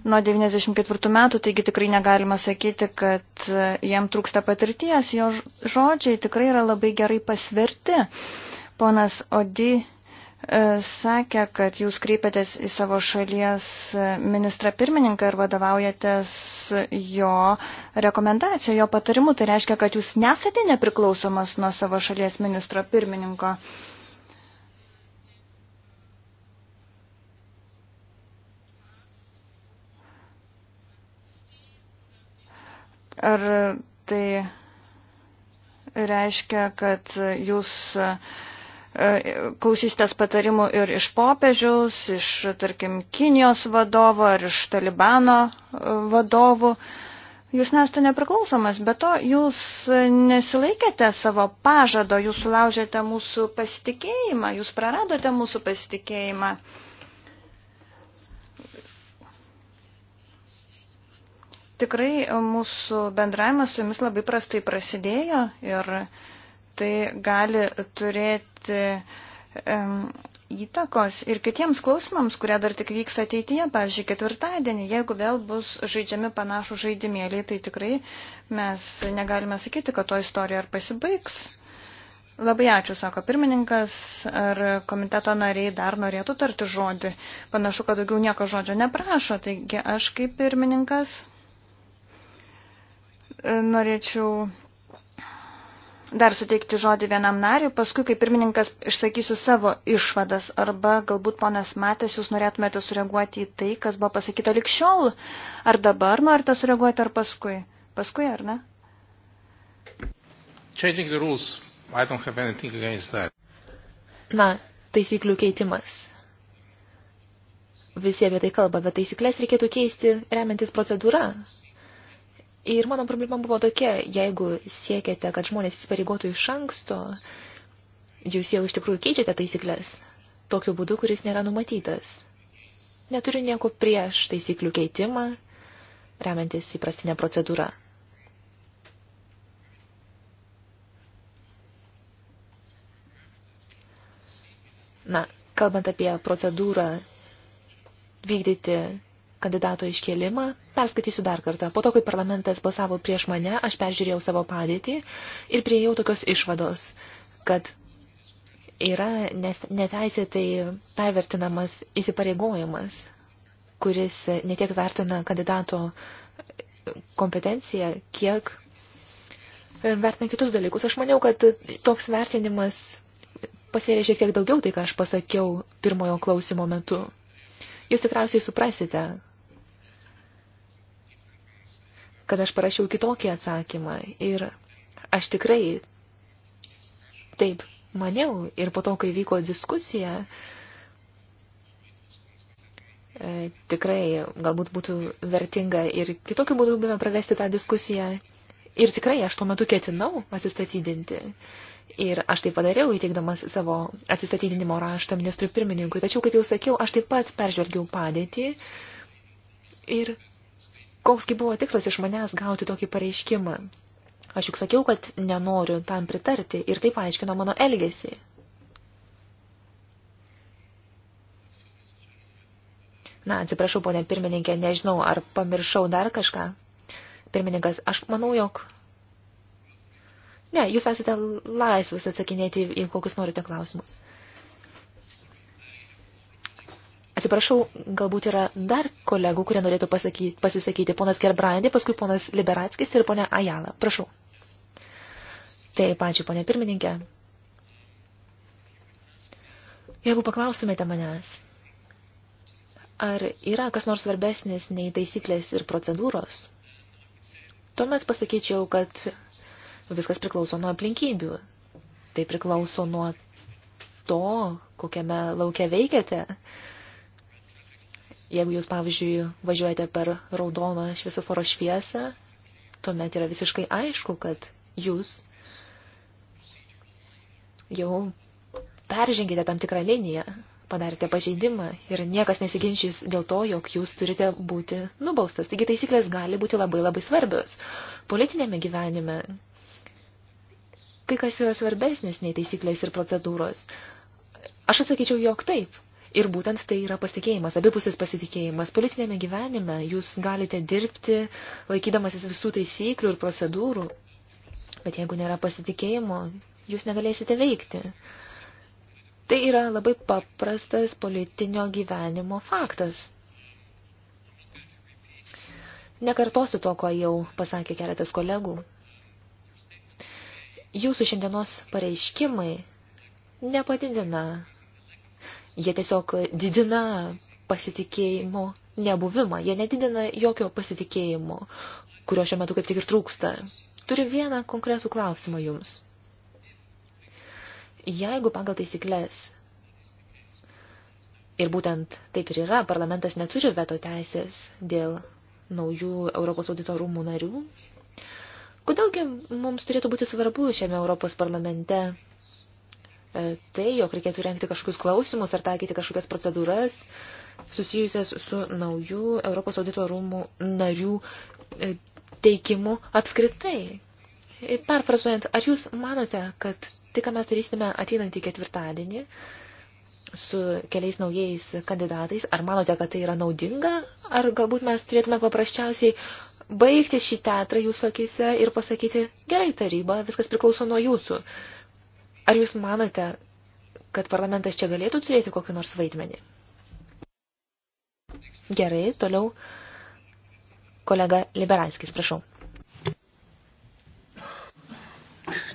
Nuo 94 metų, taigi tikrai negalima sakyti, kad jam trūksta patirties, jo žodžiai tikrai yra labai gerai pasverti. Ponas Odi E, sakė, kad jūs kreipiatės į savo šalies ministrą pirmininką ir vadovaujatės jo rekomendaciją, jo patarimu. Tai reiškia, kad jūs nesate nepriklausomas nuo savo šalies ministro pirmininko. Ar tai reiškia, kad jūs uh, E, klausysitės patarimų ir iš popiežiaus, iš, tarkim, Kinijos vadovo ar iš Talibano e, vadovų. Jūs nesate nepriklausomas, bet to jūs nesilaikėte savo pažado, jūs sulaužėte mūsų pasitikėjimą, jūs praradote mūsų pasitikėjimą. Tikrai mūsų bendravimas su jumis labai prastai prasidėjo ir uh, tai gali turėti um, įtakos ir kitiems klausimams, kurie dar tik vyks ateityje, pavyzdžiui, ketvirtadienį, jeigu vėl bus žaidžiami panašų žaidimėliai, tai tikrai mes negalime sakyti, kad to istorija ar pasibaigs. Labai ačiū, sako pirmininkas, ar komiteto nariai dar norėtų tarti žodį. Panašu, kad daugiau nieko žodžio neprašo, taigi aš kaip pirmininkas e, norėčiau dar suteikti žodį vienam nariui, paskui, kaip pirmininkas, išsakysiu savo išvadas, arba galbūt, ponas Matės, jūs norėtumėte sureaguoti į tai, kas buvo pasakyta likščiol, ar dabar norite sureaguoti, ar paskui. Paskui, ar ne? Na, taisyklių keitimas. Visi apie tai kalba, bet taisyklės reikėtų keisti remiantis procedūra. Ir mano problema buvo tokia, jeigu siekiate, kad žmonės įsipareigotų iš anksto, jūs jau iš tikrųjų keičiate taisyklės tokiu būdu, kuris nėra numatytas. Neturiu nieko prieš taisyklių keitimą, remiantis įprastinę procedūrą. Na, kalbant apie procedūrą vykdyti kandidato iškėlimą. Perskaitysiu dar kartą. Po to, kai parlamentas balsavo prieš mane, aš peržiūrėjau savo padėtį ir prieėjau tokios išvados, kad yra neteisėtai pervertinamas įsipareigojimas, kuris netiek vertina kandidato kompetenciją, kiek vertina kitus dalykus. Aš maniau, kad toks vertinimas pasvėrė šiek tiek daugiau tai, ką aš pasakiau pirmojo klausimo metu. Jūs tikriausiai suprasite, kad aš parašiau kitokį atsakymą ir aš tikrai taip maniau ir po to, kai vyko diskusija, e, tikrai galbūt būtų vertinga ir kitokiu būdu buvę pravesti tą diskusiją. Ir tikrai aš tuo metu ketinau atsistatydinti. Ir aš tai padariau, įteikdamas savo atsistatydinimo raštą ministrui pirmininkui. Tačiau, kaip jau sakiau, aš taip pat peržvelgiau padėtį ir koksgi buvo tikslas iš manęs gauti tokį pareiškimą. Aš juk sakiau, kad nenoriu tam pritarti ir tai paaiškino mano elgesį. Na, atsiprašau, ponė pirmininkė, nežinau, ar pamiršau dar kažką. Pirmininkas, aš manau, jog... Ne, jūs esate laisvas atsakinėti į kokius norite klausimus. Atsiprašau, galbūt yra dar kolegų, kurie norėtų pasakyti, pasisakyti. Ponas Gerbrandė, paskui ponas Liberatskis ir ponia Ajala. Prašau. Taip, ačiū, ponė pirmininkė. Jeigu paklaustumėte manęs, ar yra kas nors svarbesnis nei taisyklės ir procedūros, tuomet pasakyčiau, kad viskas priklauso nuo aplinkybių. Tai priklauso nuo to, kokiame laukia veikiate. Uh, Jeigu jūs, pavyzdžiui, važiuojate per raudoną šviesoforo šviesą, tuomet yra visiškai aišku, kad jūs jau peržengėte tam tikrą liniją, padarėte pažeidimą ir niekas nesiginčys dėl to, jog jūs turite būti nubaustas. Taigi taisyklės gali būti labai labai svarbios. Politinėme gyvenime kai kas yra svarbesnis nei taisyklės ir procedūros. Aš atsakyčiau, jog taip. Ir būtent tai yra pasitikėjimas, abipusis pasitikėjimas. Politinėme gyvenime jūs galite dirbti, laikydamasis visų taisyklių ir procedūrų, bet jeigu nėra pasitikėjimo, jūs negalėsite veikti. Tai yra labai paprastas politinio gyvenimo faktas. Nekartosiu to, ko jau pasakė keletas kolegų. Jūsų šiandienos pareiškimai nepadidina Jie tiesiog didina pasitikėjimo nebuvimą. Jie nedidina jokio pasitikėjimo, kurio šiuo metu kaip tik ir trūksta. Turiu vieną konkretų klausimą jums. Jeigu pagal taisyklės Ir būtent taip ir yra, parlamentas neturi veto teisės dėl naujų Europos audito rūmų narių. Kodėlgi mums turėtų būti svarbu šiame Europos parlamente E, tai, jog reikėtų rengti kažkokius klausimus ar taikyti kažkokias procedūras susijusias su naujų Europos audito rūmų narių e, teikimu apskritai. E, Perfrazuojant, ar jūs manote, kad tai, ką mes darysime ateinantį ketvirtadienį su keliais naujais kandidatais, ar manote, kad tai yra naudinga, ar galbūt mes turėtume paprasčiausiai baigti šį teatrą jūsų akise ir pasakyti, gerai taryba, viskas priklauso nuo jūsų. Uh, Ar jūs manote, kad parlamentas čia galėtų turėti kokį nors vaidmenį? Gerai, toliau kolega Liberalskis, prašau.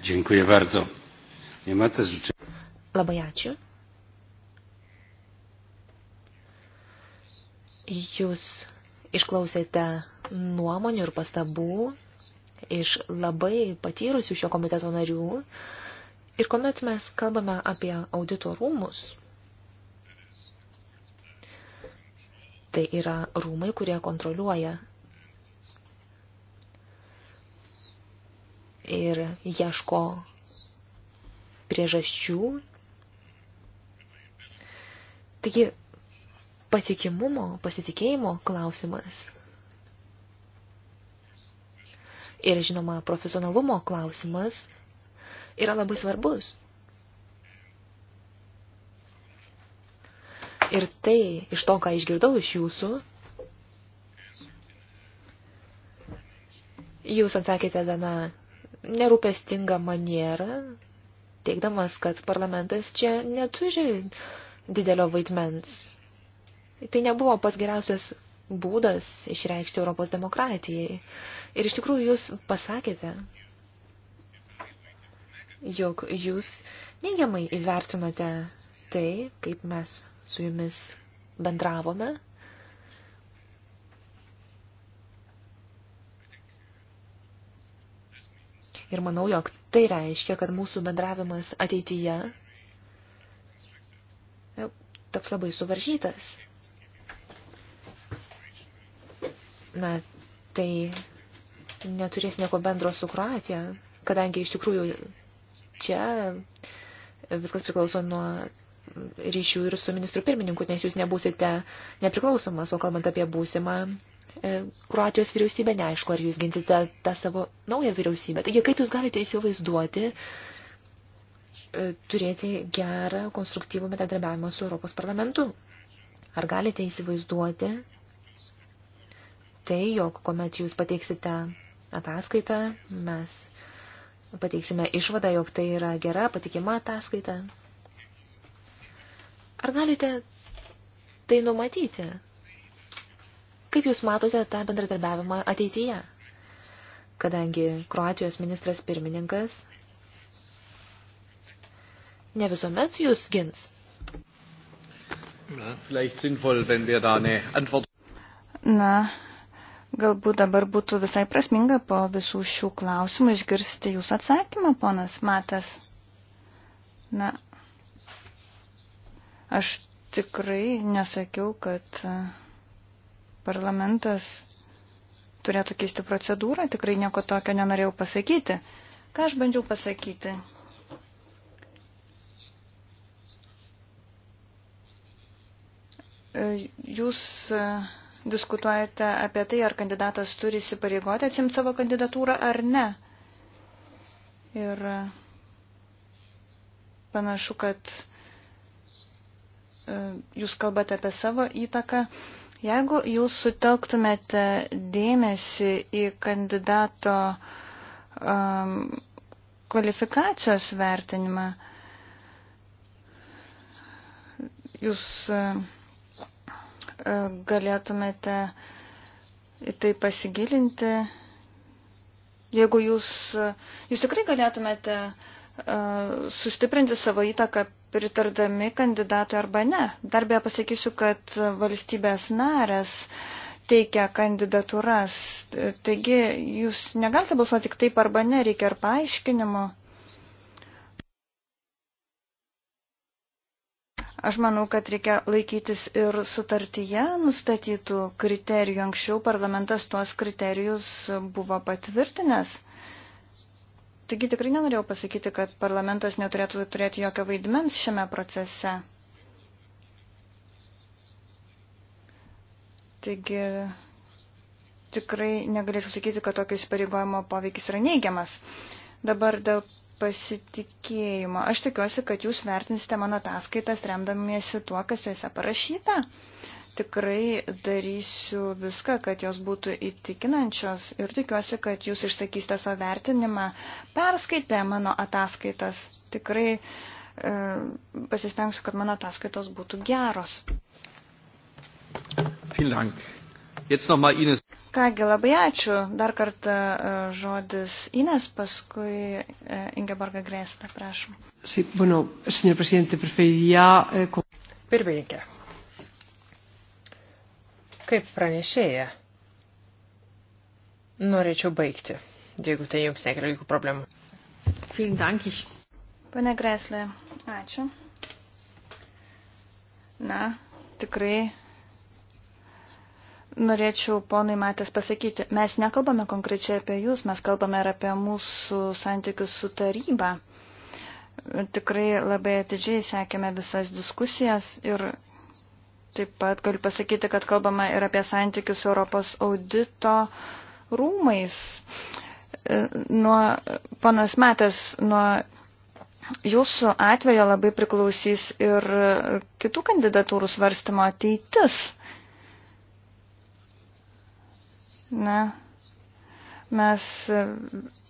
Dziękuję bardzo. Nie ma też życzeń. Labai ačiū. Jūs išklausėte nuomonių ir pastabų iš labai patyrusių šio komiteto narių. Ir kuomet mes kalbame apie audito rūmus, tai yra rūmai, kurie kontroliuoja ir ieško priežasčių. Taigi, patikimumo, pasitikėjimo klausimas ir, žinoma, profesionalumo klausimas yra labai svarbus. Ir tai, iš to, ką išgirdau iš jūsų, jūs atsakėte gana nerūpestingą manierą, teikdamas, kad parlamentas čia neturi didelio vaidmens. Tai nebuvo pats geriausias būdas išreikšti Europos demokratijai. Ir iš tikrųjų jūs pasakėte, jog jūs neigiamai įvertinote tai, kaip mes su jumis bendravome. Ir manau, jog tai reiškia, kad mūsų bendravimas ateityje e, taps labai suvaržytas. Na, tai neturės nieko bendro su Kroatija, kadangi iš tikrųjų čia viskas priklauso nuo ryšių ir su ministru pirmininku, nes jūs nebūsite nepriklausomas, o kalbant apie būsimą e, Kroatijos vyriausybę, neaišku, ar jūs ginsite tą savo naują vyriausybę. Taigi, kaip jūs galite įsivaizduoti e, turėti gerą, konstruktyvų metadarbiavimą su Europos parlamentu? Ar galite įsivaizduoti tai, jog kuomet jūs pateiksite ataskaitą, mes pateiksime išvadą, jog tai yra gera, patikima ataskaita. Ar galite tai numatyti? Kaip Jūs matote tą bendradarbiavimą ateityje? Kadangi Kroatijos ministras pirmininkas ne visuomet Jūs gins. Na, Galbūt dabar būtų visai prasminga po visų šių klausimų išgirsti jūsų atsakymą, ponas Matas. Na, aš tikrai nesakiau, kad e, parlamentas turėtų keisti procedūrą, tikrai nieko tokio nenorėjau pasakyti. Ką aš bandžiau pasakyti? E, jūs uh, diskutuojate apie tai, ar kandidatas turi įsipareigoti atsimti savo kandidatūrą ar ne. Ir panašu, kad e, jūs kalbate apie savo įtaką. Jeigu jūs sutelktumėte dėmesį į kandidato um, kvalifikacijos vertinimą, jūs uh, E, galėtumėte į tai pasigilinti. Jeigu jūs, jūs tikrai galėtumėte e, sustiprinti savo įtaką pritardami kandidatui arba ne. Dar beje pasakysiu, kad valstybės narės teikia kandidatūras. Taigi jūs negalite balsuoti tik taip arba ne, reikia ir paaiškinimo. Aš manau, kad reikia laikytis ir sutartyje nustatytų kriterijų. Anksčiau parlamentas tuos kriterijus buvo patvirtinęs. Taigi tikrai nenorėjau pasakyti, kad parlamentas neturėtų turėti jokio vaidmens šiame procese. Taigi tikrai negalėčiau sakyti, kad tokio įsipareigojimo poveikis yra neigiamas. Dabar dėl pasitikėjimo. Aš tikiuosi, kad jūs vertinsite mano ataskaitas remdamiesi tuo, kas juose parašyta. Tikrai darysiu viską, kad jos būtų įtikinančios ir tikiuosi, kad jūs išsakysite savo vertinimą, perskaitę mano ataskaitas. Tikrai e, pasistengsiu, kad mano ataskaitos būtų geros. Vielen Dank. Jetzt nochmal Ines. Kągi, labai ačiū. Dar kartą e, žodis Ines, paskui e, Ingeborga Grėsta, prašom. Sí, bueno, señor presidente, preferiría... Eh, Pirmininkė. Kaip pranešėja, norėčiau baigti, jeigu tai jums nekelia jokių problemų. Vielen Dank. Pane Greslė, ačiū. Na, tikrai norėčiau ponui Matės pasakyti, mes nekalbame konkrečiai apie jūs, mes kalbame ir apie mūsų santykius su taryba. Tikrai labai atidžiai sekėme visas diskusijas ir taip pat galiu pasakyti, kad kalbame ir apie santykius Europos audito rūmais. Nuo, panas Matės, nuo jūsų atvejo labai priklausys ir kitų kandidatūrų svarstymo ateitis. Na, mes e,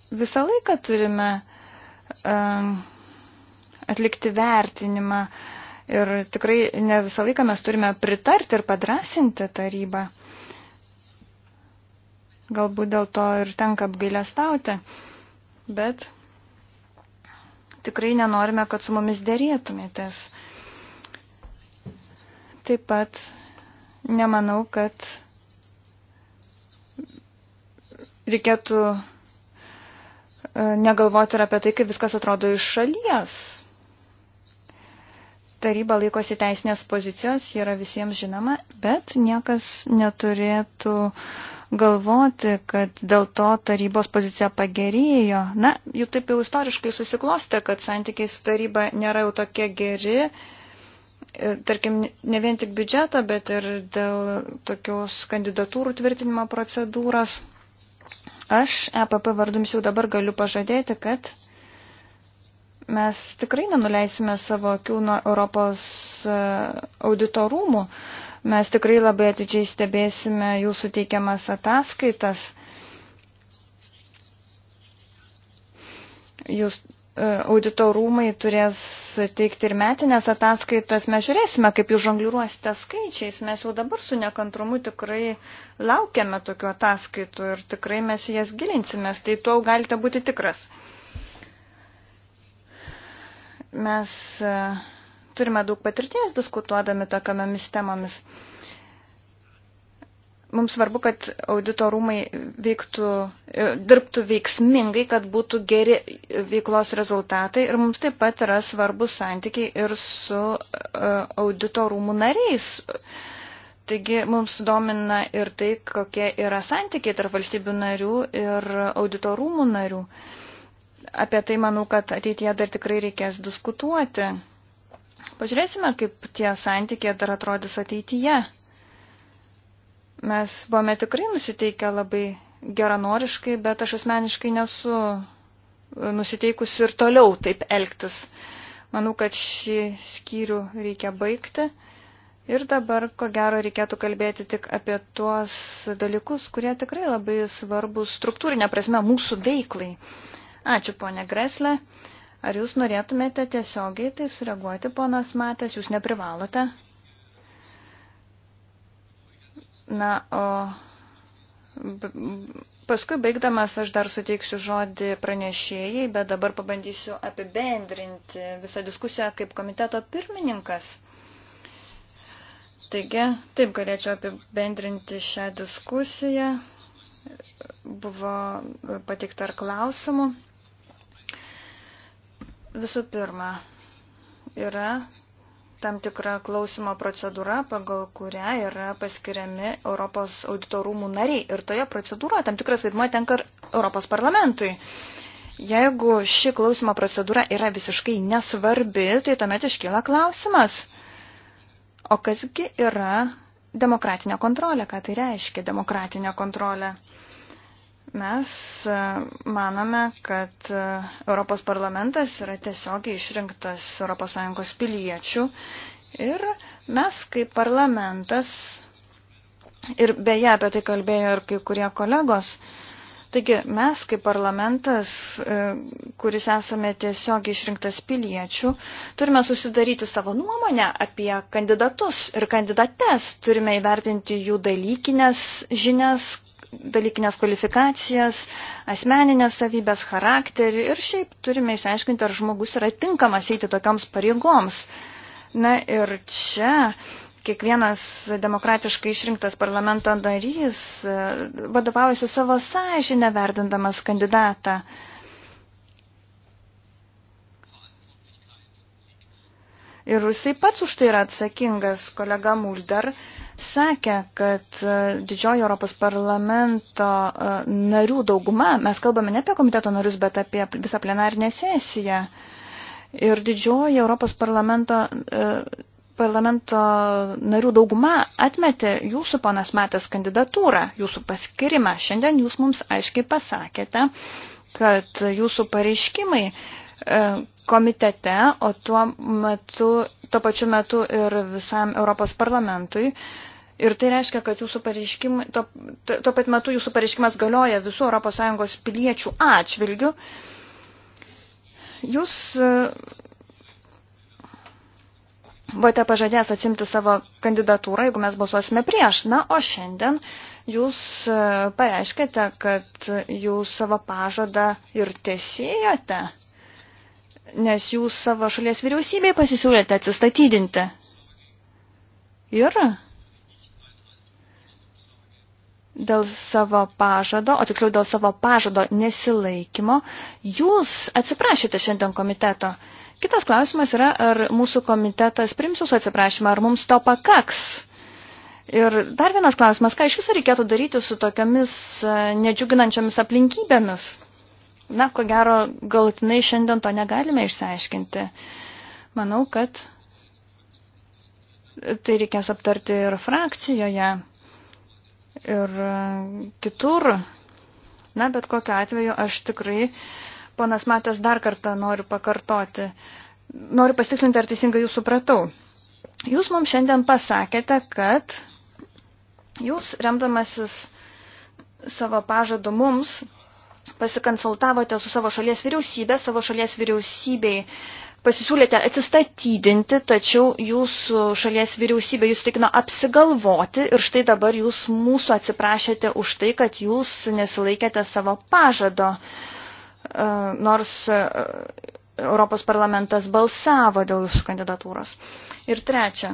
visą laiką turime atlikti vertinimą ir tikrai ne visą laiką mes turime pritarti ir padrasinti tarybą. Galbūt dėl to ir tenka apgailestauti, bet tikrai nenorime, kad su mumis dėrėtumėtės. Taip pat nemanau, kad reikėtų e, negalvoti ir apie tai, kaip viskas atrodo iš šalies. Taryba laikosi teisinės pozicijos, yra visiems žinoma, bet niekas neturėtų galvoti, kad dėl to tarybos pozicija pagerėjo. Na, jų taip jau istoriškai susiklostė, kad santykiai su taryba nėra jau tokie geri, e, tarkim, ne vien tik biudžeto, bet ir dėl tokios kandidatūrų tvirtinimo procedūros. Aš EPP vardums jau dabar galiu pažadėti, kad mes tikrai nenuleisime savo akių nuo Europos e, auditorumų. Mes tikrai labai atidžiai stebėsime jūsų teikiamas ataskaitas. Jūs E, auditorumai turės teikti ir metinės ataskaitas, mes žiūrėsime, kaip jūs žongliruosite skaičiais. Mes jau dabar su nekantrumu tikrai laukiame tokių ataskaitų ir tikrai mes jas gilinsimės, tai tuo galite būti tikras. Mes e, turime daug patirties diskutuodami tokiamis temomis mums svarbu, kad audito rūmai veiktų, e, dirbtų veiksmingai, kad būtų geri veiklos rezultatai ir mums taip pat yra svarbus santykiai ir su e, audito rūmų nariais. Taigi mums domina ir tai, kokie yra santykiai tarp valstybių narių ir audito rūmų narių. Apie tai manau, kad ateityje dar tikrai reikės diskutuoti. Pažiūrėsime, kaip tie santykiai dar atrodys ateityje. Mes buvome tikrai nusiteikę labai geranoriškai, bet aš asmeniškai nesu nusiteikusi ir toliau taip elgtis. Manau, kad šį skyrių reikia baigti. Ir dabar, ko gero, reikėtų kalbėti tik apie tuos dalykus, kurie tikrai labai svarbus struktūrinė prasme mūsų veiklai. Ačiū, ponė Greslė. Ar jūs norėtumėte tiesiogiai tai sureaguoti, ponas Matės, jūs neprivalote? Na, o paskui baigdamas aš dar suteiksiu žodį pranešėjai, bet dabar pabandysiu apibendrinti visą diskusiją kaip komiteto pirmininkas. Taigi, taip galėčiau apibendrinti šią diskusiją. Buvo pateikta ar klausimų. Visų pirma, yra tam tikra klausimo procedūra, pagal kurią yra paskiriami Europos auditorumų nariai. Ir toje procedūroje tam tikras vaidmuo tenka ir Europos parlamentui. Jeigu ši klausimo procedūra yra visiškai nesvarbi, tai tuomet iškyla klausimas, o kasgi yra demokratinė kontrolė, ką tai reiškia demokratinė kontrolė. Uh, Mes e, manome, kad e, Europos parlamentas yra tiesiogiai išrinktas ES piliečių ir mes kaip parlamentas, ir beje apie tai kalbėjo ir kai kurie kolegos, Taigi mes kaip parlamentas, e, kuris esame tiesiog išrinktas piliečių, turime susidaryti savo nuomonę apie kandidatus ir kandidates, turime įvertinti jų dalykinės žinias, dalykinės kvalifikacijas, asmeninės savybės, charakterį ir šiaip turime įsiaiškinti, ar žmogus yra tinkamas eiti tokioms pareigoms. Na ir čia kiekvienas demokratiškai išrinktas parlamento narys e, vadovaujasi savo sąžinę verdindamas kandidatą. Ir jisai pats už tai yra atsakingas, kolega Mulder sakė, kad e, didžioji Europos parlamento e, narių dauguma, mes kalbame ne apie komiteto narius, bet apie visą plenarinę sesiją. Ir didžioji Europos parlamento, e, parlamento narių dauguma atmetė jūsų ponas Matės kandidatūrą, jūsų paskirimą. Šiandien jūs mums aiškiai pasakėte, kad jūsų pareiškimai komitete, o tuo metu tuo pačiu metu ir visam Europos parlamentui. Ir tai reiškia, kad jūsų pareiškimas, tuo, tuo pat metu jūsų pareiškimas galioja visų ES piliečių atšvilgių. Jūs e, buvote pažadėjęs atsimti savo kandidatūrą, jeigu mes balsuosime prieš. Na, o šiandien jūs e, pareiškite, kad jūs savo pažadą ir tesėjote nes jūs savo šalies vyriausybėje pasisiūlėte atsistatydinti. Ir dėl savo pažado, o tiksliau dėl savo pažado nesilaikymo, jūs atsiprašėte šiandien komiteto. Kitas klausimas yra, ar mūsų komitetas prims jūsų atsiprašymą, ar mums to pakaks. Ir dar vienas klausimas, ką iš viso reikėtų daryti su tokiamis e, nedžiuginančiomis aplinkybėmis. Na, ko gero, galutinai šiandien to negalime išsiaiškinti. Manau, kad tai reikės aptarti ir frakcijoje, ir e, kitur. Na, bet kokiu atveju aš tikrai, ponas Matės, dar kartą noriu pakartoti. Noriu pasitikslinti, ar teisingai jūs supratau. Jūs mums šiandien pasakėte, kad jūs remdamasis savo pažadu mums pasikonsultavote su savo šalies vyriausybė, savo šalies vyriausybei pasisiūlėte atsistatydinti, tačiau jūsų šalies vyriausybė jūs tikino apsigalvoti ir štai dabar jūs mūsų atsiprašėte už tai, kad jūs nesilaikėte savo pažado, e, nors e, Europos parlamentas balsavo dėl jūsų kandidatūros. Ir trečia.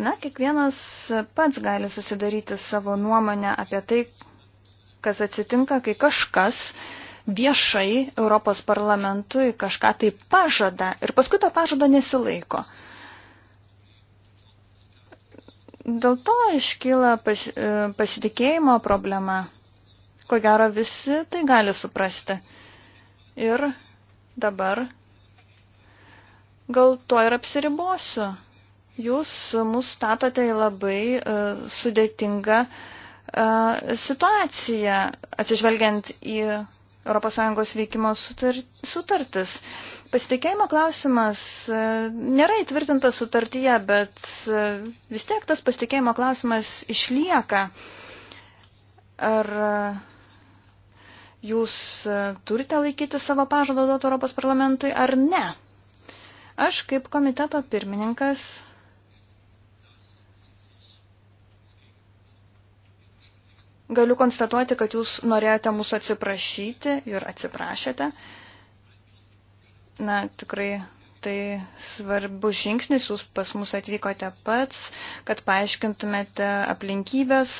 Na, kiekvienas pats gali susidaryti savo nuomonę apie tai, kas atsitinka, kai kažkas viešai Europos parlamentui kažką tai pažada ir paskui to pažado nesilaiko. Dėl to iškyla pas, e, pasitikėjimo problema. Ko gero visi tai gali suprasti. Ir dabar gal tuo ir apsiribosiu. Jūs mus statote į labai uh, sudėtingą uh, E, situaciją, atsižvelgiant į ES veikimo sutartis. Pasitikėjimo klausimas e, nėra įtvirtintas sutartyje, bet e, vis tiek tas pasitikėjimo klausimas išlieka. Ar jūs turite laikyti savo pažadą duotą Europos parlamentui ar ne? Aš kaip komiteto pirmininkas Galiu konstatuoti, kad jūs norėjote mūsų atsiprašyti ir atsiprašėte. Na, tikrai tai svarbus žingsnis, jūs pas mus atvykote pats, kad paaiškintumėte aplinkybės,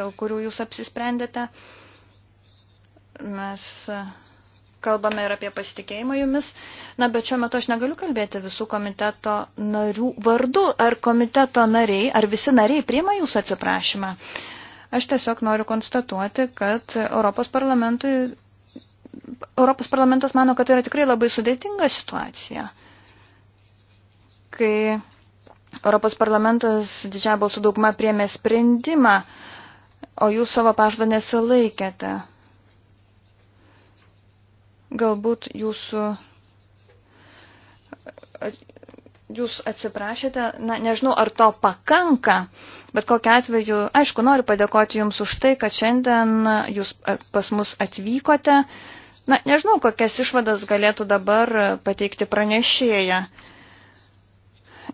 dėl kurių jūs apsisprendėte. Mes kalbame ir apie pasitikėjimą jumis. Na, bet šiuo metu aš negaliu kalbėti visų komiteto narių vardu. Ar komiteto nariai, ar visi nariai priima jūsų atsiprašymą? Uh, Aš tiesiog noriu konstatuoti, kad Europos parlamentui Europos parlamentas mano, kad tai yra tikrai labai sudėtinga situacija, kai Europos parlamentas didžiąją balsų daugumą priemė sprendimą, o jūs savo pažadą nesilaikėte. Galbūt jūsų jūs atsiprašėte, na, nežinau, ar to pakanka, bet kokiu atveju, aišku, noriu padėkoti Jums už tai, kad šiandien Jūs e, pas mus atvykote. Na, nežinau, kokias išvadas galėtų dabar pateikti pranešėja.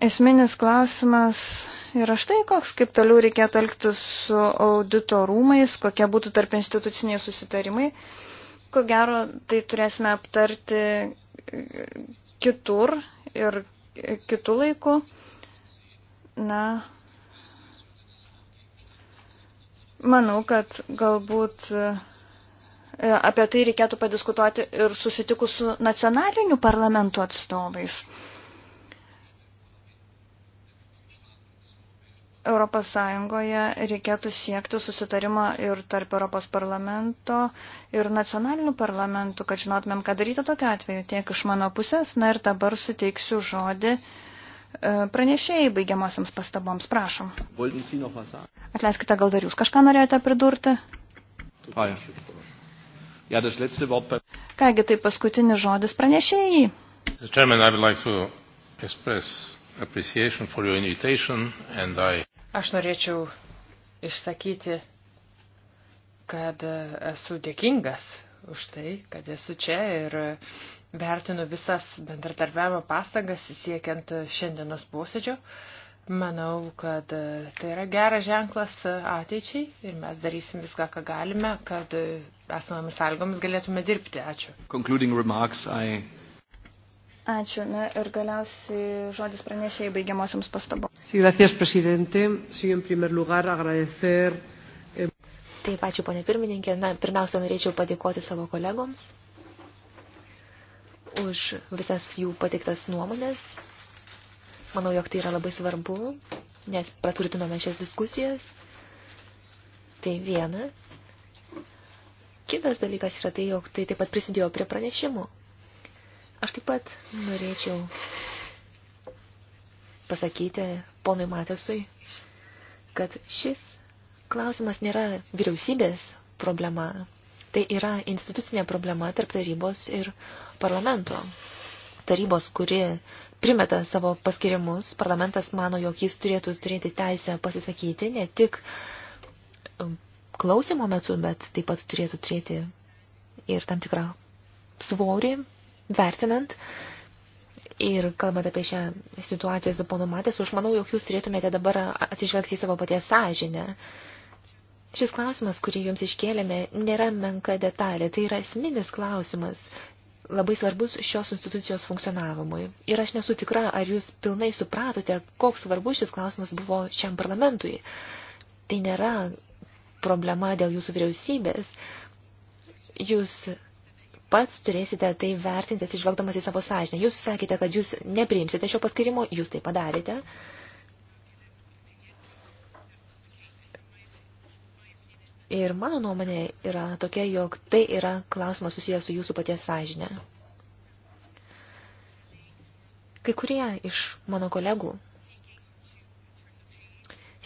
Esminis klausimas yra štai koks, kaip toliau reikėtų elgtis su audito rūmais, kokie būtų tarp instituciniai susitarimai. Ko gero, tai turėsime aptarti kitur ir kitų laikų. Na, manau, kad galbūt e, apie tai reikėtų padiskutuoti ir susitikus su nacionaliniu parlamentu atstovais. ES reikėtų siekti susitarimą ir tarp Europos parlamento ir nacionalinių parlamentų, kad žinotumėm, ką daryti tokiu atveju tiek iš mano pusės. Na ir dabar suteiksiu žodį e, pranešėjai baigiamosiams pastaboms. Prašom. Atleiskite, gal dar jūs kažką norėjote pridurti? Ah, Kągi, tai paskutinis žodis pranešėjai. Mr. Chairman, I would like to express appreciation for your invitation and I Aš norėčiau išsakyti, kad esu dėkingas už tai, kad esu čia ir vertinu visas bendradarbiavimo pastangas siekiant šiandienos posėdžio. Manau, kad tai yra geras ženklas ateičiai ir mes darysim viską, ką galime, kad esamomis sąlygomis galėtume dirbti. Ačiū. Remarks, I... Ačiū. Na ir galiausiai žodis pranešėjai baigiamosiams pastabom. Sí, gracias, presidente. Sí, en primer lugar, agradecer. Eh, taip, ačiū, ponė pirmininkė. Na, pirmiausia, norėčiau padėkoti savo kolegoms už visas jų patiktas nuomonės. Manau, jog tai yra labai svarbu, nes praturtinome šias diskusijas. Tai viena. Kitas dalykas yra tai, jog tai taip pat prisidėjo prie pranešimų. Aš taip pat norėčiau pasakyti ponui Matesui, kad šis klausimas nėra vyriausybės problema, tai yra institucinė problema tarp tarybos ir parlamento. Tarybos, kuri primeta savo paskirimus, parlamentas mano, jog jis turėtų turėti teisę pasisakyti ne tik um, klausimo metu, bet taip pat turėtų turėti ir tam tikrą svorį, vertinant Ir kalbant apie šią situaciją su ponu Matėsu, aš manau, jog jūs turėtumėte dabar atsižvelgti į savo paties sąžinę. Šis klausimas, kurį jums iškėlėme, nėra menka detalė, tai yra esminis klausimas, labai svarbus šios institucijos funkcionavimui. Ir aš nesu tikra, ar jūs pilnai supratote, koks svarbus šis klausimas buvo šiam parlamentui. Tai nėra problema dėl jūsų vyriausybės. Jūs pats turėsite tai vertinti, atsižvelgdamas į savo sąžinę. Jūs sakėte, kad jūs nepriimsite šio paskirimo, jūs tai padarėte. Ir mano nuomonė yra tokia, jog tai yra klausimas susijęs su jūsų paties sąžinė. Kai kurie iš mano kolegų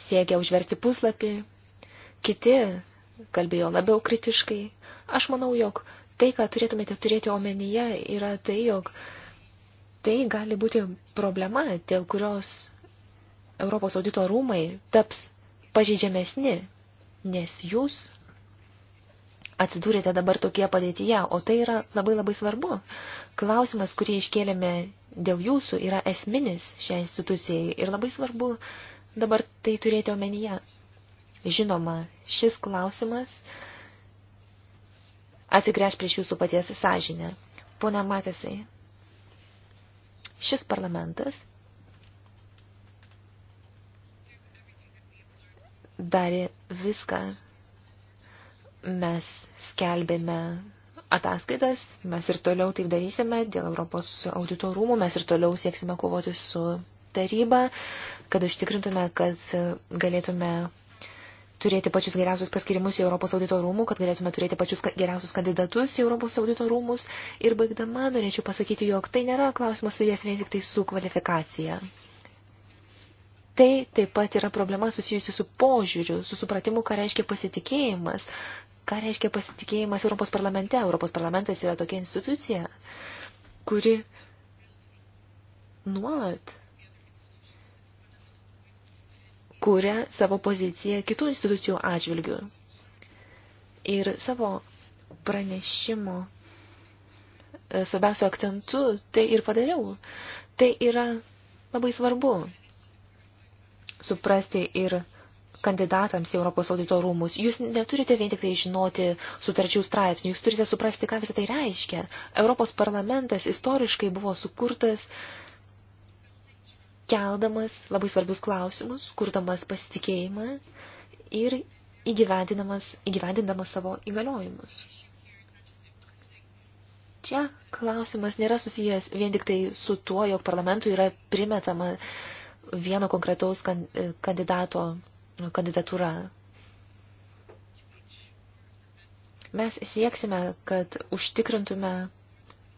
siekia užversti puslapį, kiti kalbėjo labiau kritiškai. Aš manau, jog Tai, ką turėtumėte turėti omenyje, yra tai, jog tai gali būti problema, dėl kurios Europos audito rūmai taps pažeidžiamesni, nes jūs atsidūrėte dabar tokie padėtyje, o tai yra labai labai svarbu. Klausimas, kurį iškėlėme dėl jūsų, yra esminis šiai institucijai ir labai svarbu dabar tai turėti omenyje. Žinoma, šis klausimas uh, atsigręš prieš jūsų paties sąžinę. Pone Matėsai, šis parlamentas darė viską. Mes skelbėme ataskaitas, mes ir toliau taip darysime dėl Europos audito rūmų, mes ir toliau sieksime kovoti su taryba, kad užtikrintume, kad galėtume turėti pačius geriausius paskirimus į Europos audito rūmų, kad galėtume turėti pačius geriausius kandidatus į Europos audito rūmus. Ir baigdama norėčiau pasakyti, jog tai nėra klausimas su jas vien tik tai su kvalifikacija. Tai taip pat yra problema susijusi su požiūriu, su supratimu, ką reiškia pasitikėjimas, ką reiškia pasitikėjimas Europos parlamente. Europos parlamentas yra tokia institucija, kuri nuolat kuria savo poziciją kitų institucijų atžvilgių. Ir savo pranešimo e, svarbiausiu akcentu tai ir padariau. Tai yra labai svarbu suprasti ir kandidatams į Europos audito rūmus. Jūs neturite vien tik tai žinoti sutarčių straipsnių, jūs turite suprasti, ką visą tai reiškia. Europos parlamentas istoriškai buvo sukurtas uh, keldamas labai svarbius klausimus, kurdamas pasitikėjimą ir įgyvendinamas, įgyvendinamas savo įgaliojimus. Čia klausimas nėra susijęs vien tik tai su tuo, jog parlamentui yra primetama vieno konkretaus kan, e, kandidato e, kandidatūra. Mes sieksime, kad užtikrintume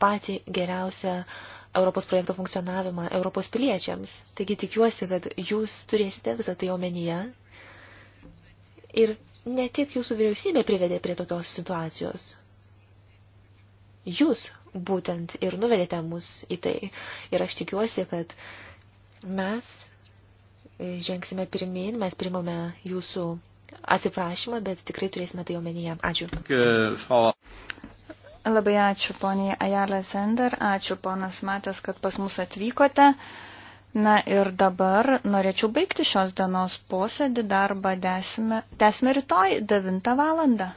patį geriausią uh, Europos projekto funkcionavimą Europos piliečiams. Taigi tikiuosi, kad jūs turėsite visą tai omenyje. Ir ne tik jūsų vyriausybė privedė prie tokios situacijos. Jūs būtent ir nuvedėte mus į tai. Ir aš tikiuosi, kad mes žengsime pirmin, mes primame jūsų atsiprašymą, bet tikrai turėsime tai omenyje. Ačiū. Labai ačiū poniai Ajalė Sender, ačiū ponas Matės, kad pas mus atvykote. Na ir dabar norėčiau baigti šios dienos posėdį, darbą tęsime rytoj 9 valandą.